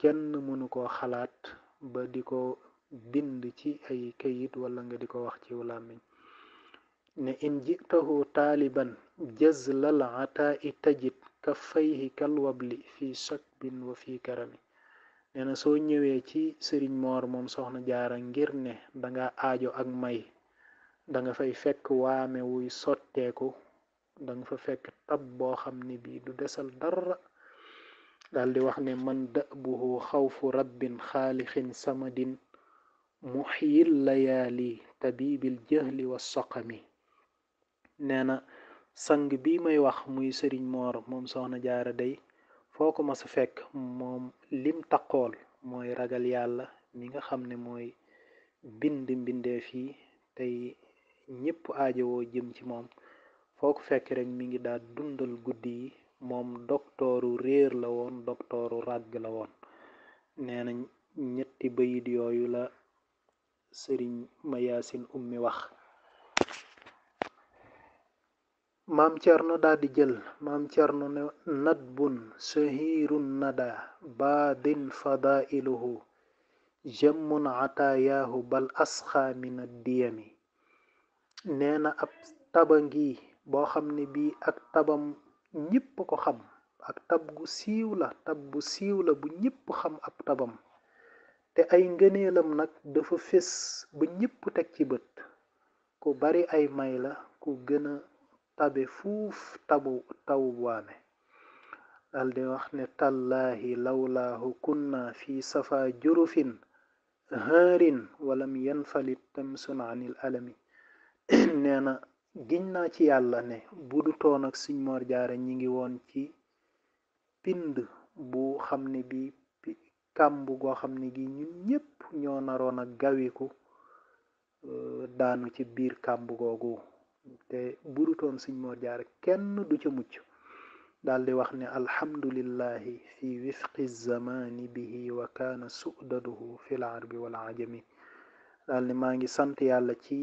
kenn mënu koo xalaat ba di ko bind ci ay kayit wala nga di ko wax ci làmmiñ ne in jitahu taaliban jazlal ataa'i tajid kaffayhi kalwabli fi shakbin wa fi karami nee soo ñëwee ci sëriñ moor moom soxna jaara ngir ne danga aajo ak may danga fay fekk waame wuy sotteeku danga fa fekk tab boo xam ne bii du desal dara daal di wax ne man xaw fu rabbin xaalixin samadin muxyil layaali tabibil jahli wa soqami nee na sang bi may wax muy sëriñ moor moom soxna jaara day foo ko mas fekk moom lim taqool mooy ragal yàlla mi nga xam ne mooy bind mbindeef yi tey ñëpp aajowoo jëm ci moom fook fekk rek mi ngi daal dundal guddi yi moom doktooru réer la woon doktooru ràgg la woon nee ñetti bayit yooyu la sëriñ Mayaasin ummi wax maam cerno daldi jël maam cerno ne nadbun sahirun nada baadin fadailuhu jammun atayaahu bal asxa min addiyami nee na ab taba ngi boo xam ne bii ak tabam ñépp ko xam ak tab gu siiw la tab bu siiw la bu ñépp xam ab tabam te ay ngëneelam nag dafa fés ba ñépp teg ci bët ku bari ay may la ku gën a tabe fuuf tabu tawu waame dal di wax ne tallaahi lawlaahu kunna fi safa jurufin haarin walam yanfalit tamsun anil alami nee na giñ naa ci yàlla ne bu du toon ak sëñ Mor Jaara ñi ngi woon ci pind bu xam ne bi kàmb goo xam ne gi ñun ñépp ñoo naroon ak gawiku euh, daanu ci biir kàmb googu te bu du toon sëñ Mor Jaara kenn du ci mucc daldi wax ne alhamdulillahi fi wifqi zamani bihi wa kaana su'daduhu fi l arbi wal ajami maa ngi sant yàlla ci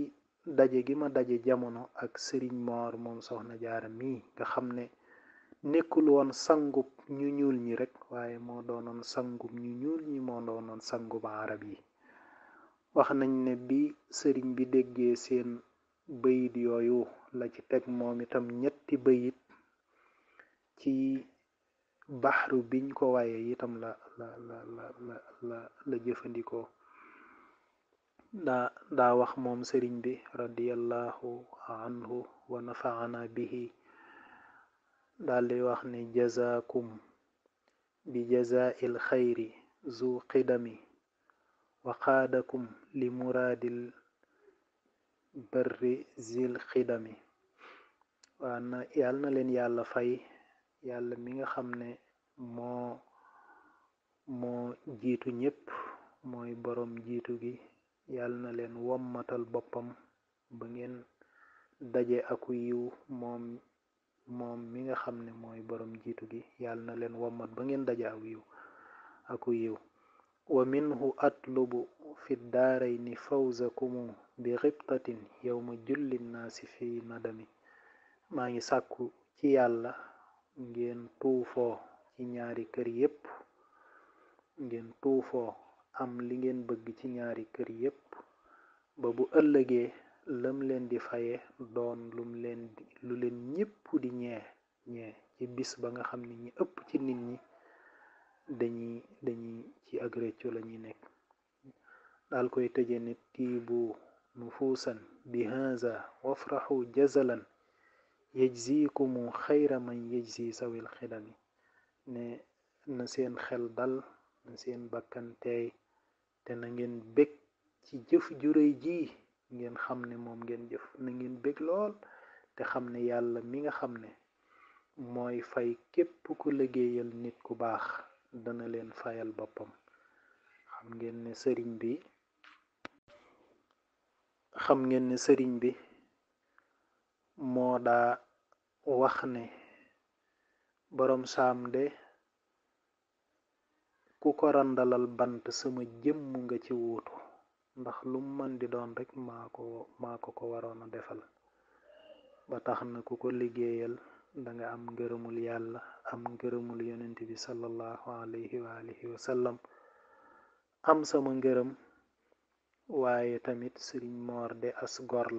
daje gi ma daje jamono ak sëriñ moor moom soxna jaara mii nga xam ne nekkul woon sangub ñu ñuul ñi rek waaye moo doonoon sangub ñu ñuul ñi moo doonoon sangub arab yi wax nañ ne bi sëriñ bi déggee seen bayit yooyu la ci teg moom itam ñetti bayit ci baxru biñ ko waye itam la la la la la jëfandikoo daa daa wax moom sëriñ bi radiallahu anhu wa nafaana bihi daldi wax ne jazakum bi jazail xayri zu qidami wa qaadakum li muraadil barri zil qidami waa leen yàlla fay yàlla mi nga xam ne moo moo jiitu ñépp mooy boroom jiitu gi yàlla na leen wommatal boppam ba ngeen daje aku moom mi nga xam ne mooy borom jiitu gi yàlla na leen wommat ba ngeen daje aw yiw aku yiw wa minhu atlubu ni daarayni fawzakumu bi xibtatin yowma julli naasi fi nadami maa ngi sàkku ci yàlla ngeen tuufoo ci ñaari kër yépp ngeen tuufoo am li ngeen bëgg ci ñaari kër yépp ba bu ëllëgee lam leen di faye doon lum leen lu leen ñépp di ñee ñee ci bis ba nga xam ne ñi ëpp ci nit ñi dañuy dañuy ci agréccu lañu nekk dal koy tëje ne tiibu nufuusan bi haza wafraxu jazalan yajzikumu xayra man yajzi sawil xidami ne na seen xel dal na seen bakkan te na ngeen bég ci jëf ju réy ji ngeen xam ne moom ngeen jëf na ngeen bég lool te xam ne yàlla mi nga xam ne mooy fay képp ku liggéeyal nit ku baax dana leen fayal boppam xam ngeen ne sëriñ bi xam ngeen ne sëriñ bi moo daa wax ne boroom saam de ku ko randalal bant sama jëmm nga ci wuutu ndax lu mën di doon rek maa ko maa ko ko waroon a defal ba tax na ku ko liggéeyal danga am ngërëmul yàlla am ngërëmul yonent bi sallallahu alayhi wa alihi wa sallam am sama ngërëm waaye tamit sëriñ moor de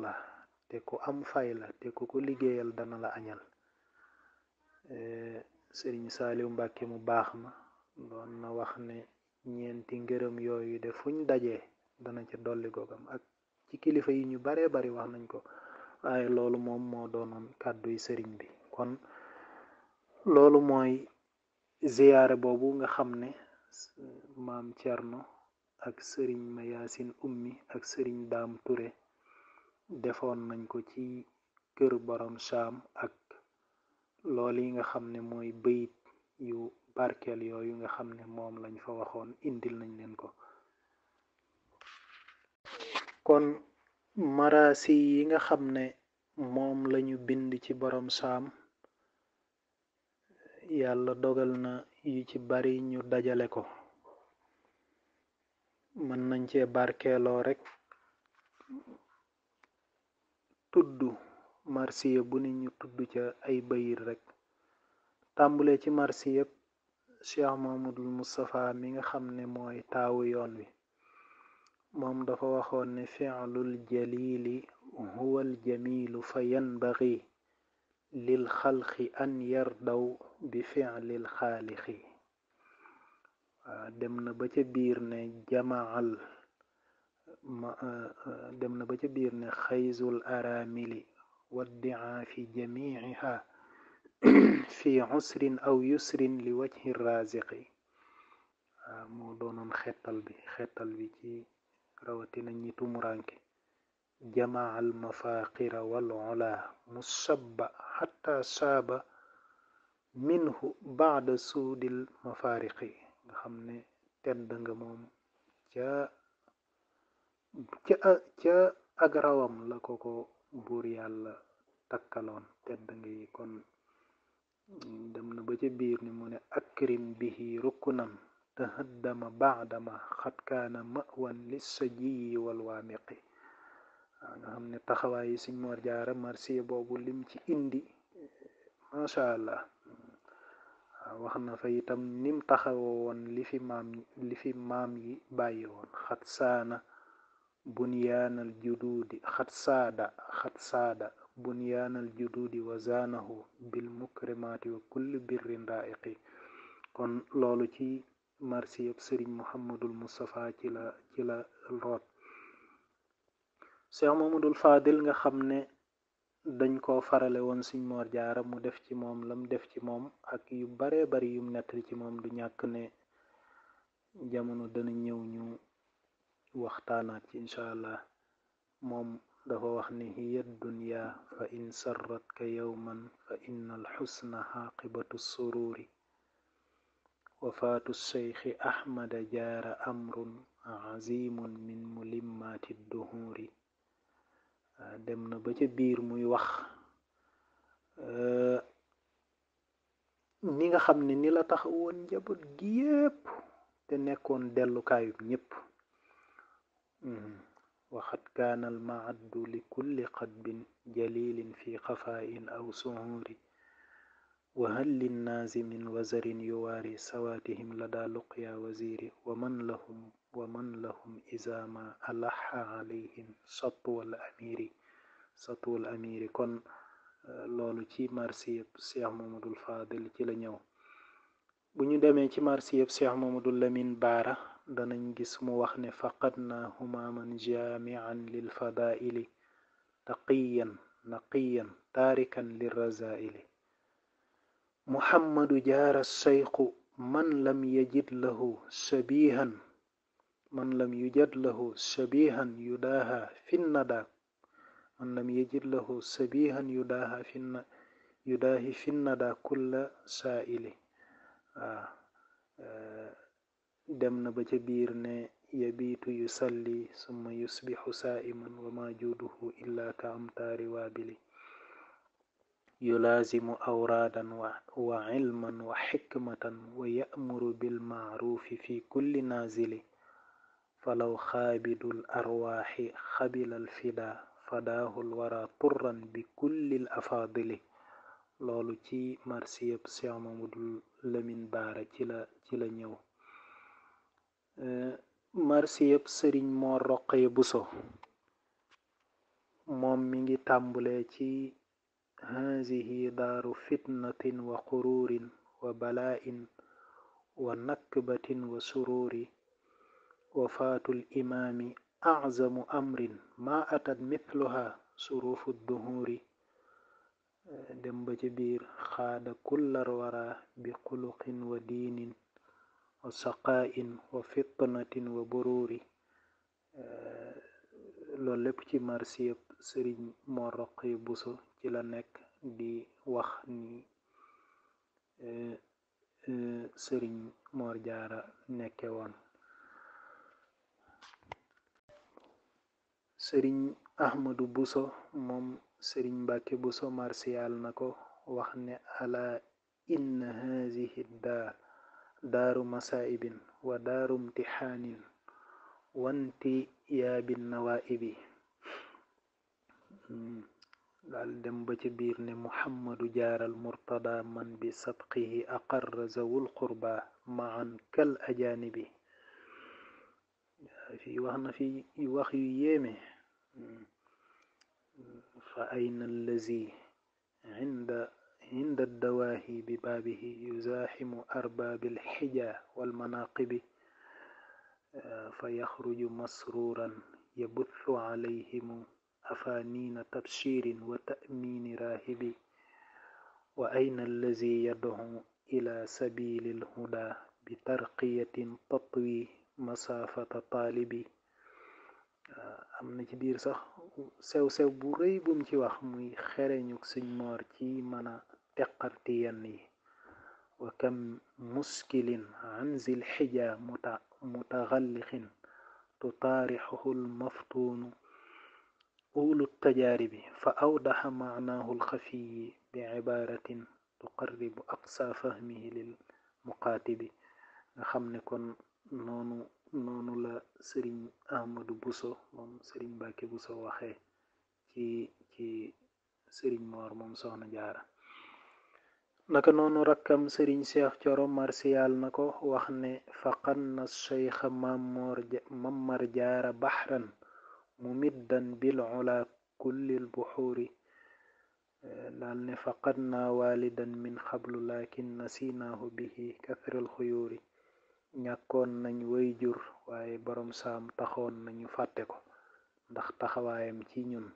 la te ku am fay la te ku ko liggéeyal dana la añal eh, sëriñ saaliw mbàkke mu baax ma doon na wax ne ñeenti ngërëm yooyu de fuñ dajee dana ca dolli googam ak ci kilifa yi ñu baree bari wax nañ ko waaye loolu moom moo doonoon kàdduy sëriñ bi kon loolu mooy ziyaare boobu nga xam ne maam Cerno ak sëriñ Mayasin ummi ak sëriñ Daam Ture defoon nañ ko ci kër boroom Saam ak loolu yi nga xam ne mooy bëyit yu barkeel yooyu nga xam ne moom lañ fa waxoon indil nañ leen ko kon marasi yi nga xam ne moom lañu bind ci boroom saam yàlla dogal na yu ci bari ñu dajale ko mën nañ cee barkeeloo rekk tudd marsiya bu ne ñu tudd ca ay bayir rekk tàmbule ci marsiya cheikh mahamadul moustapha mi nga xam ne mooy taawu yoon wi moom dafa waxoon ne filul jalili huwa aljamilu fa yanbagi lil xalqi an yardaw bi filil xaaliqi dem na ba ca biir ne jamaal ma eh, eh, dem na ba ca biir ne xayzul aramili waddiaa fi jamiiha fi usrin aw yusrin li wajhi raziqi ah, moo doonoon xettal bi xettal bi ci rawatina ñi tumuranke jamaa al mafaqira wal ula musabba xatta saaba minhu baada suudil mafaariqi nga xam ne tedd nga moom ca ca ca la ko ko buur yàlla takkaloon nga yi kon dem na ba ca biir ni mu ne akrim bi rukkunam tahaddama baadama xat kaana mawan li sajiyi walwaamiqi waaw nga xam ne taxawaayi siñ Mor Jaara marsiya boobu lim ci indi macha allah waaw wax na fa itam nim taxawoo woon li fi maam li yi bàyyi xat saana bunyaanal juduudi xat saada xat saada بنيان الجدود وزانه بالمكرمات wa kulli birrin raaiqi kon loolu ci marsiyab sëriñ muhammadul mustafa ci la ci la root cheikh mamadul fadil nga xam ne dañ ko farale woon suñ moor mu def ci moom lam def ci moom ak yu baree bari yum nettali ci moom du ñàkk ne jamono dana ñëw ñu waxtaanaat ci incha allah moom dafa wax ni hiya dunya fa in sarratka yowman fa inna alxusna xaaqibatu sururi wafaatu sheykhi ahmada jaara amrun azimun min mulimmaati duhuri dem na ba ca biir muy wax ni nga xam ne ni la tax woon njaboot gi yépp te nekkoon dellukaayub ñépp hmm. وقد كان المعد لكل قدب جليل في خفاء أو سهور وهل للناس من وزر يواري سواتهم لدى لقيا وزير ومن لهم ومن لهم إذا ما ألح عليهم سطو الأمير سطو الأمير كن loolu ci marsiyeb cheikh mamadul fadil ci la ñëw bu ñu demee ci marsiyeb cheikh mamadul lamin baara danañ gis mu wax ne faqadna humaaman jaamian lilfadaili taqiyan naqiyan taarikan lirazaili muhammadu jaara sayqu man lam yajid lahu shabihan man lam yujad lahu shabihan yudaaha finnada man lam yajid lahu shabihan yudaaha finna yudaahi finnada kulla saa'ili waaw eh, dem na ba ca biir ne yabiitu yusalli summa yusbixu saa'iman wa ma juuduhu illa ka amtaari waabili yulaazimu awraadan wa cilman wa xikmatan wa ya'muru bilmacruufi fi kulli naazili falaw xaabidu larwaaxi xabila alfidaa fadaahu lwara turran bi kulli alafaadili loolu ci marsiyab Cheikh Mamadou Lamine Baara ci la ci la ñëw marché yëpp sëriñ Mor Buso moom mi ngi tàmbule ci hazihi daaru fitnatin wa xururin wa bala'in wa nakbatin wa sururi wafaatu amrin ma atat mithluha surufu duhuri dem ba ci biir xaada kullar bi xuluqin wa diinin وسقاء وفطنة وبرور loolu lépp ci marsiya sëriñ Mor Roqaya Buso ci la nekk di wax ni eh, eh, sëriñ Mor Jaara nekke woon sëriñ Ahmadu Buso moom sëriñ Mbàkke Buso marsiyal na ko wax ne ala inna hazihi daar daaru masaa'ibin wa daaru imtixaanin wantiyaabin nawaa'ibi daal dem ba ci biir ne muhammadu jaaral murtada man bi sabqihi aqarra zawul qurba maan kal ajaanibi fii wax na fi wax yu yéeme fa ayna allazi inda عند الدواهي ببابه يزاحم أرباب الحجى والمناقب فيخرج مسرورا يبث عليهم أفانين تبشير وتأمين راهب وأين الذي يدعو إلى سبيل الهدى بترقية تطوي مسافة طالب am na ci biir sax sew-sew bu rëy bum ci wax muy xereñuk Sëñ Moor ci mën a teqarti yenn yi wa kam muskilin an zil xija mutaxallixin tutaarixuhu lmaftuunu أولو التجارب فأوضح معناه الخفي بعبارة تقرب أقصى فهمه للمقاتب nga xam ne kon noonu la sëriñ Ahmadu Buso moom sëriñ Mbàkke Buso waxee ci ci sëriñ Moor moom Soxna Jaara naka noonu rakkam sëriñ cheikh coro marsiyaal na ko wax ne faqan na mammar jaara baxran mumiddan bil ula kullil buxuuri daal ne faqad naa waalidan min xablu lakin nasinaahu bihi kathral xuyuuri ñàkkoon nañ way jur waaye borom saam taxoon nañu fàtte ko ndax taxawaayam ci ñun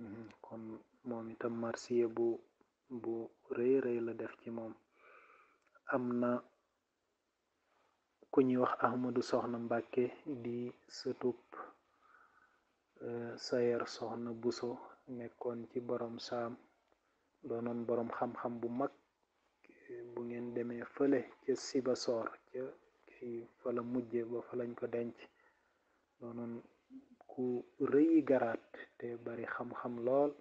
mhm. marsiya bu bu rëy rëy la def ci moom am na ku ñuy wax ahmadu soxna mbàkke di sëtub euh, sayer soxna buso nekkoon ci borom saam doonoon borom xam-xam bu mag bu ngeen demee fële ca sibasoor ca fi mujje ba fa lañ ko denc doonoon ku rëyi garaat te bari xam-xam lool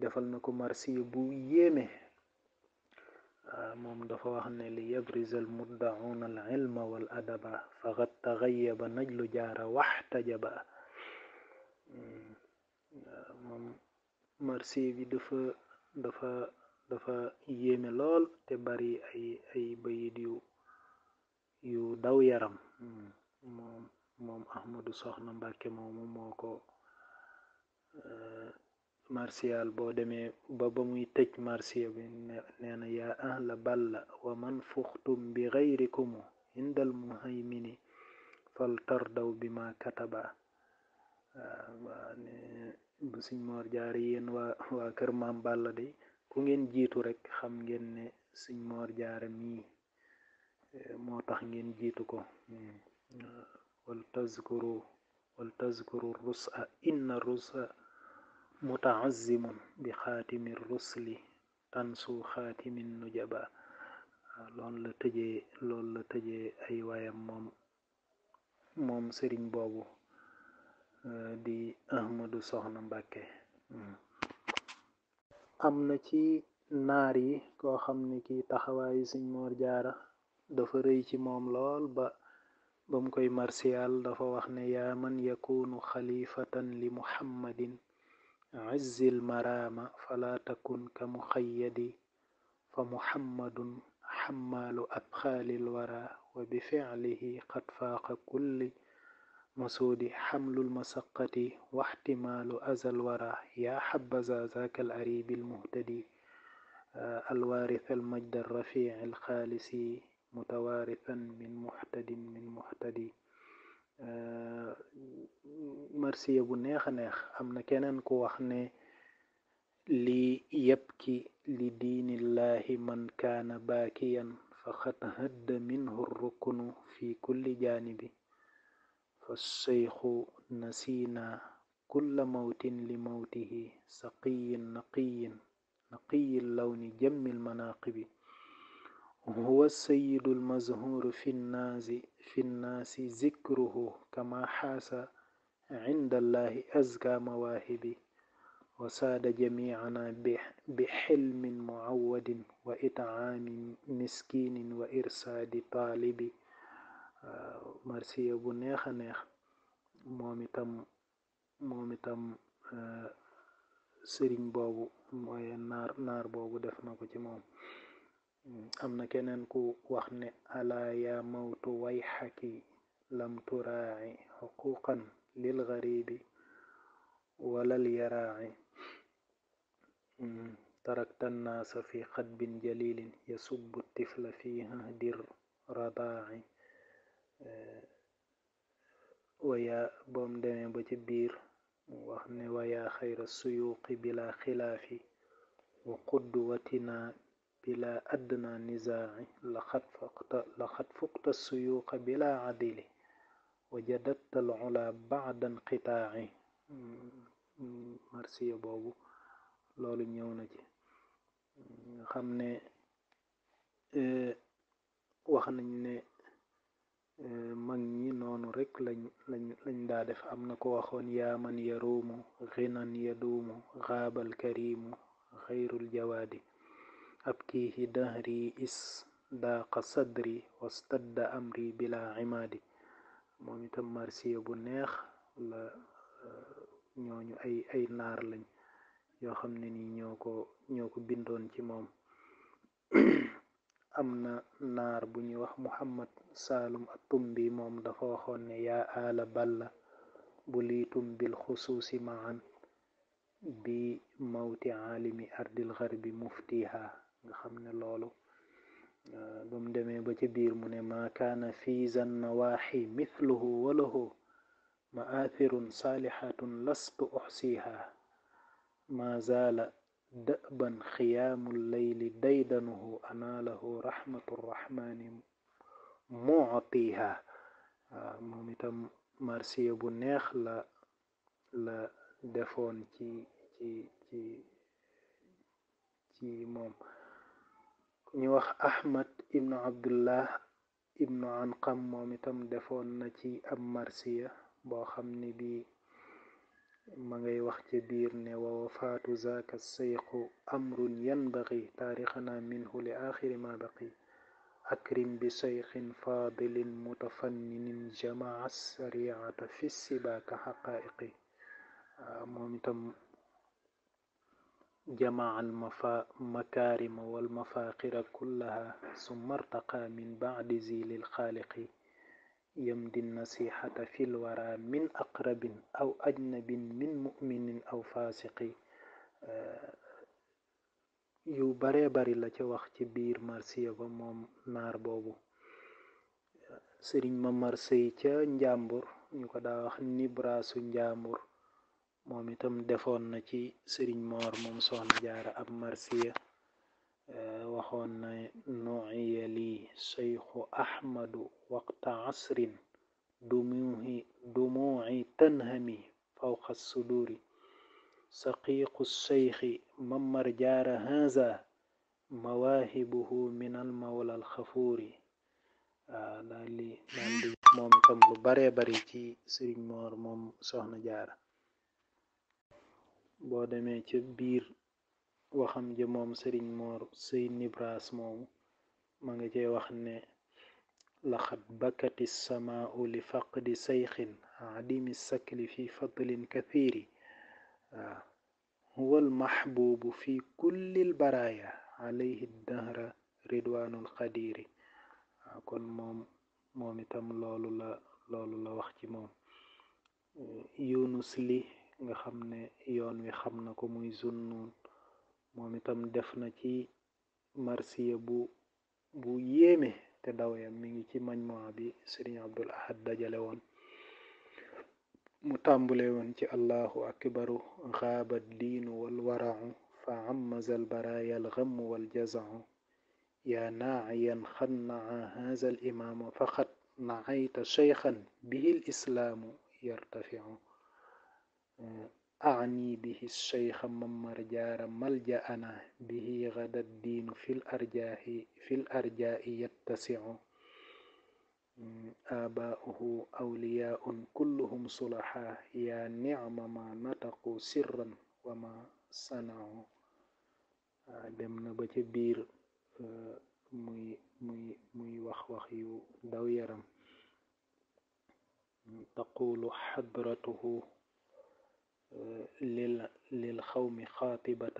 defal na ko marsiya bu yéeme ah, moom dafa wax ne li yabriz al muddacuuna al ilma wal adaba faqad taxayaba najlu jaara waxtajaba hmm. moom marsiya bi dafa dafa dafa lool te bari ay ay bayit yu yu daw yaram hmm. moom moom soxna mbàkke moomu moo ko eh, martial boo demee baba muy tëj martial bi nee na balla wa man fuxtum bi gayrikum indal muhaymini fal daw bi ma kataba bu siñ moor jaar yéen waa waa balla de ku ngeen jiitu rek xam ngeen ne siñ moor jaara mii eh, moo tax ngeen jiitu ko hmm. wal tazkuru wal tazkuru rusa inna rusa mutaazimun bi xaatimi rusli tansu xaatimin nujaba loolu la tëjee loolu la tëjee ay waayam moom moom sëriñ boobu euh, di ahmadu soxna mbàkke hmm. am na ci naar yi koo xam ne ki taxawaayu siñ moor jaara dafa rëy ci moom lool ba ba koy marsiyaal dafa wax ne yaa man yakunu xalifatan li muhammadin عز المرام فلا تكن كمخيد فمحمد حمال أبخال الورى وبفعله قد فاق كل مسود حمل المسقة واحتمال أذى الورى يا حبذا ذاك الأريب المهتدي الوارث المجد الرفيع الخالص متوارثا من محتد من محتدي marsiya bu neex a neex am na keneen ku wax ne li yabki li diinillahi man kaana baakiyan faqad hadda minhu rukunu fi kulli jaanibi faseyxu nasiina kulla mawtin li mawtihi saqiyin naqiyin naqiyi lawni jammil manaaqibi وهو السيد المزهور في الناس في الناس ذكره كما حاس عند الله أزكى مواهبه وساد جميعنا بحلم معود وإطعام مسكين وإرساد طالب مرسية bu neex a neex moom itam moom itam sëriñ boobu mooy naar naar boobu def na ko ci moom Mm, am na keneen ku wax ne alaa yaa mawtu wayxaki lam turaaci xuquqan lilgaribi walalyaraaci mm, tarakta annaasa fi xadbin jalilin yasubbu tifla fi hahdi radaaci eh, wayaa boom demee ci biir wax ne wayaa xayra suyuqi bila xilaafi wa la أدنى نزاع لقد فقت السيوف بلا عدل وجدت العلا بعد انقطاع marsiya boobu loolu ñëw na ci nga xam ne wax nañ ne mag ñi noonu rek lañ lañ lañ am na ko waxoon yaaman yaruumu xinan yaduumu xaabal kariimu xayrul jawaadi أبكيه دهري إس daaqa sadri wastadda amri bila imaadi moom itam marsiya bu neex la euh, ay naar lañ yoo xam ne ni ñoo bindoon ci moom am na naar bu ñuy wax muhammad saalum atumbi moom dafa waxoon ne yaa aala balla bu liitum bil xusuusi bi mawti aalimi ardil garbi muftiha nga xam ne loolu euh, ba mu demee ba ci biir mu ne maa kaana fiizan nawaaxi mithluhu walahu maathirun saalixatun lastu oxsiihaa maa zaala da'ban xiyaamu leyli daydanuhu anaalahu raxmatu rraxmaani muctiihaa moom itam marsiya bu neex la la defoon ci ci ci ci moom ku wax ahmad ibnu abdullah ibnu anqam moom itam defoon na ci ab marsiya boo xam ni bi ma ngay wax ca biir ne wa wafaatu zaaka sayqu amrun yanbagi taarixana minhu li axiri ma baqi akrim bi sayxin faadilin mutafanninin jamaa sariata fi sibaaka xaqaaiqi moom itam جمع المكارم والمفاقر كلها ثم ارتقى من بعد ذي للخالق يمضي النصيحة في الورى من أقرب أو أجنب من مؤمن أو فاسق yu baree bari la ca wax ci biir marsiya ba moom naar boobu sëriñ ma marsey ca njàmbur ñu ko daa wax ni braasu njàmbur moom itam defoon na ci sëriñ moor moom soxna jaara ab marsiya eh, waxoon na nuiya lii seyxu ahmadu waqta asrin dumuhi dumuuci tanhami fawqa suduri saqiiqu seyxi mamar jaara haza mawaahibuhu min almawla alxafuuri ah, daal di daal di lu baree bari ci sëriñ moor moom soxna jaara boo demee ca biir waxam ja moom sëriñ moor sëy nibraas moomu ma nga wax ne laxat bakati samaau li faqdi sayxin adimi sakli fi fadlin kathiri waaw huwa almahbubu fi kulli lbaraaya alayhi dahra ridwanul qadiri waaw moom moom itam loolu la loolu la wax ci moom yunus li nga xam ne yoon wi xam na ko muy zunnun moom itam def na ci marsiya bu bu yéeme te dawayam mi ngi ci majmuwa bi sëriñ abdul ahad dajale woon mu tàmbule woon ci allahu akbaru xaaba diinu walwarau fa ammaza albaraya alxamu waljazau yaa naaciyan xad naca haza alimaamu faqad nacayta cheykhan bihi alislaamu yartaficu أعني به الشيخ ممر جار ملجأنا به غدا الدين في الأرجاء في الأرجاء يتسع آباؤه أولياء كلهم صلحاء يا نعم ما نطقوا سرا وما صنعوا dem na ba ca biir muy muy muy wax wax yu daw yaram taqulu xadratuhu للقوم خاطبة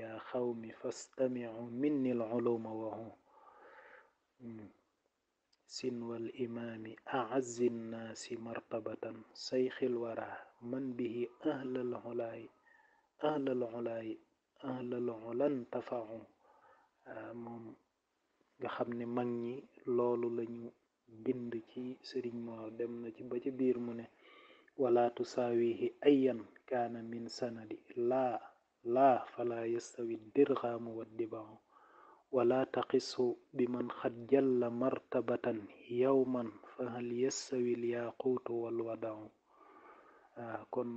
يا قوم فاستمعوا مني العلوم وهو سن والإمام أعز الناس مرتبة سيخ الورى من به أهل العلاي أهل العلاي أهل العلا انتفعوا moom nga xam ne mag ñi loolu lañu bind ci sëriñ moo dem na ci ba ca biir mu ne wala tusaawihi ayan kaana min sanadi laa laa falaa yastawi dirhaamu waddibaamu walaa taqisu biman xad jalla martabatan yawman fahal ah, kon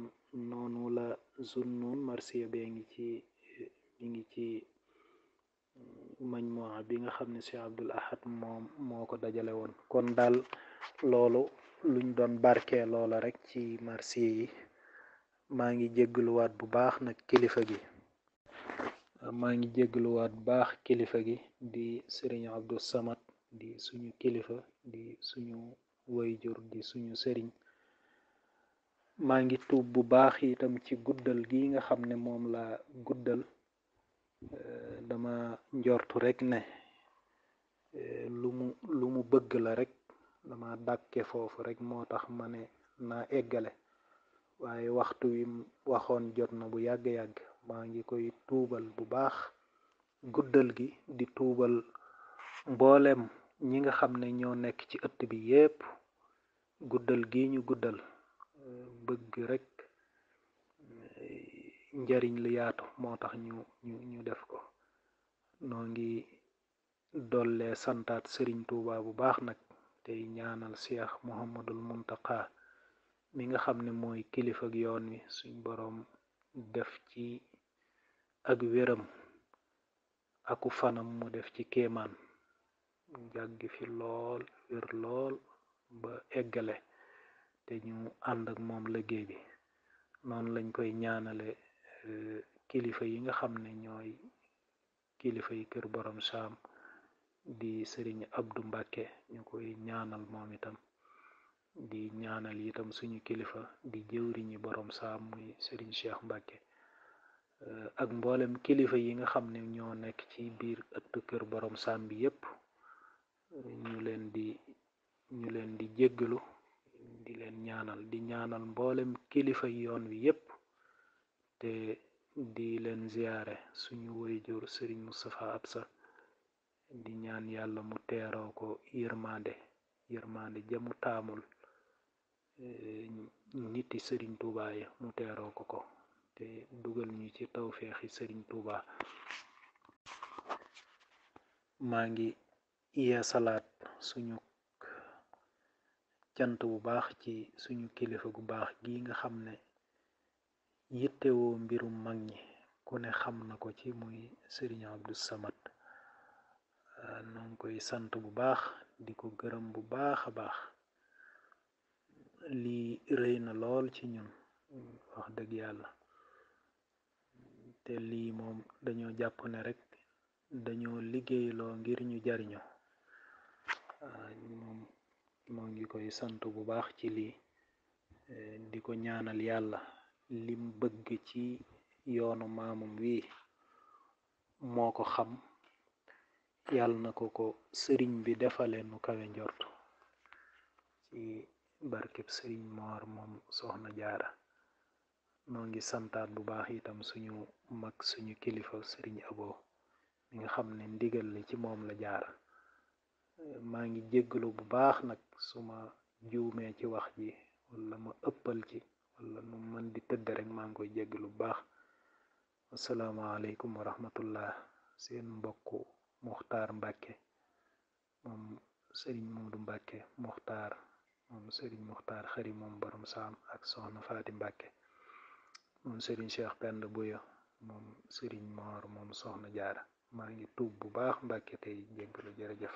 noonu la zunnun marsiya bee ngi ci mi ngi ci mm, majmuwa bi nga xam ne Cheikh Abdul Ahad moom dajale woon kon daal loolu luñ doon barke loola marsiya maa ngi jéggluwaat bu baax nag kilifa gi euh, maa ngi jéggluwaat bu baax kilifa gi di sëriñ Abdou Samad di suñu kilifa di suñu wayjur di suñu sëriñ maa ngi tuub bu baax itam ci guddal gi nga xam ne moom laa guddal euh, dama njortu rek ne euh, lu mu lu mu bëgg la rek dama dàkke foofu rek moo tax ma ne naa eggale waaye waxtu wi waxoon jot na bu yàgg-yàgg maa ngi koy tuubal bu baax guddal gi di tuubal mboolem ñi nga xam ne ñoo nekk ci ëtt bi yépp guddal gi ñu guddal bëgg rekk eh, njariñ lu yaatu moo tax ñu def ko noo ngi dollee santaat sëriñ tuuba bu baax nag tey ñaanal seex muhammadul muntaqa mi nga xam ne mooy kilifa ak yoon wi suñ boroom def ci ak wéram aku fanam mu def ci kémaan jàgg fi lool wér lool ba eggale te ñu ànd moom liggéey bi noonu lañ koy ñaanale eh, kilifa yi nga xam ne ñooy kilifa yi kër borom saam di sëriñ Abdou Mbàkke ñu koy ñaanal moom itam di ñaanal itam suñu kilifa di jëwriñi borom saam muy Serigne Cheikh Mbacke eh, ak mboolem kilifa yi nga xam ne ñoo nekk ci biir ëttu kër borom saam bi yépp eh, ñu leen di ñu leen di jéggalu di leen ñaanal di ñaanal mboolem kilifa yoon wi yépp te di leen ziyaare suñu wayjur Serigne Moustapha Absa di ñaan yàlla mu teerooko ko yërmande yërmande jamu taamul Eh, niti sëriñ Touba yi mu teeroo ko ko te dugal ñu ci tawféexi sëriñ Touba maa ngi iya salaat suñu cant bu baax ci suñu kilifa gu baax gi nga xam ne yittewoo mbirum mag ñi ku ne xam na ko ci muy sëriñ Abdou Samad noo ngi koy sant bu baax di ko gërëm bu baax a baax lii rëy na lool ci ñun wax dëgg yàlla te lii moom dañoo jàpp ne rekk dañoo liggéeyloo ngir ñu jariñu ah, moom moo ngi koy sant bu baax ci lii eh, di ko ñaanal yàlla lim bëgg ci yoonu maamum wii moo ko xam yàlla na ko ko sëriñ bi defale nu kawe njort ci barkeb sëriñ moor moom soxna jaara noo ngi santaat bu baax itam suñu mag suñu kilifa sëriñ abo mi nga xam ne ndigal li ci moom la jaara maa ngi jéggalu bu baax nag su ma juumee ci wax ji wala ma ëppal ci wala nu mën di tëdd rek maa ngi koy jéggalu bu baax asalaamaaleykum wa rahmatullah seen mbokku muxtaar mbàkke moom sëriñ Moodu mbàkke muxtaar moom sëriñ muxtaar xëri moom borom saam ak soxna faati mbàkke moom sëriñ cheikh pend buyo moom sëriñ moor moom soxna jaar maa ngi tuub bu baax mbàkke tey jéggalu jërëjëf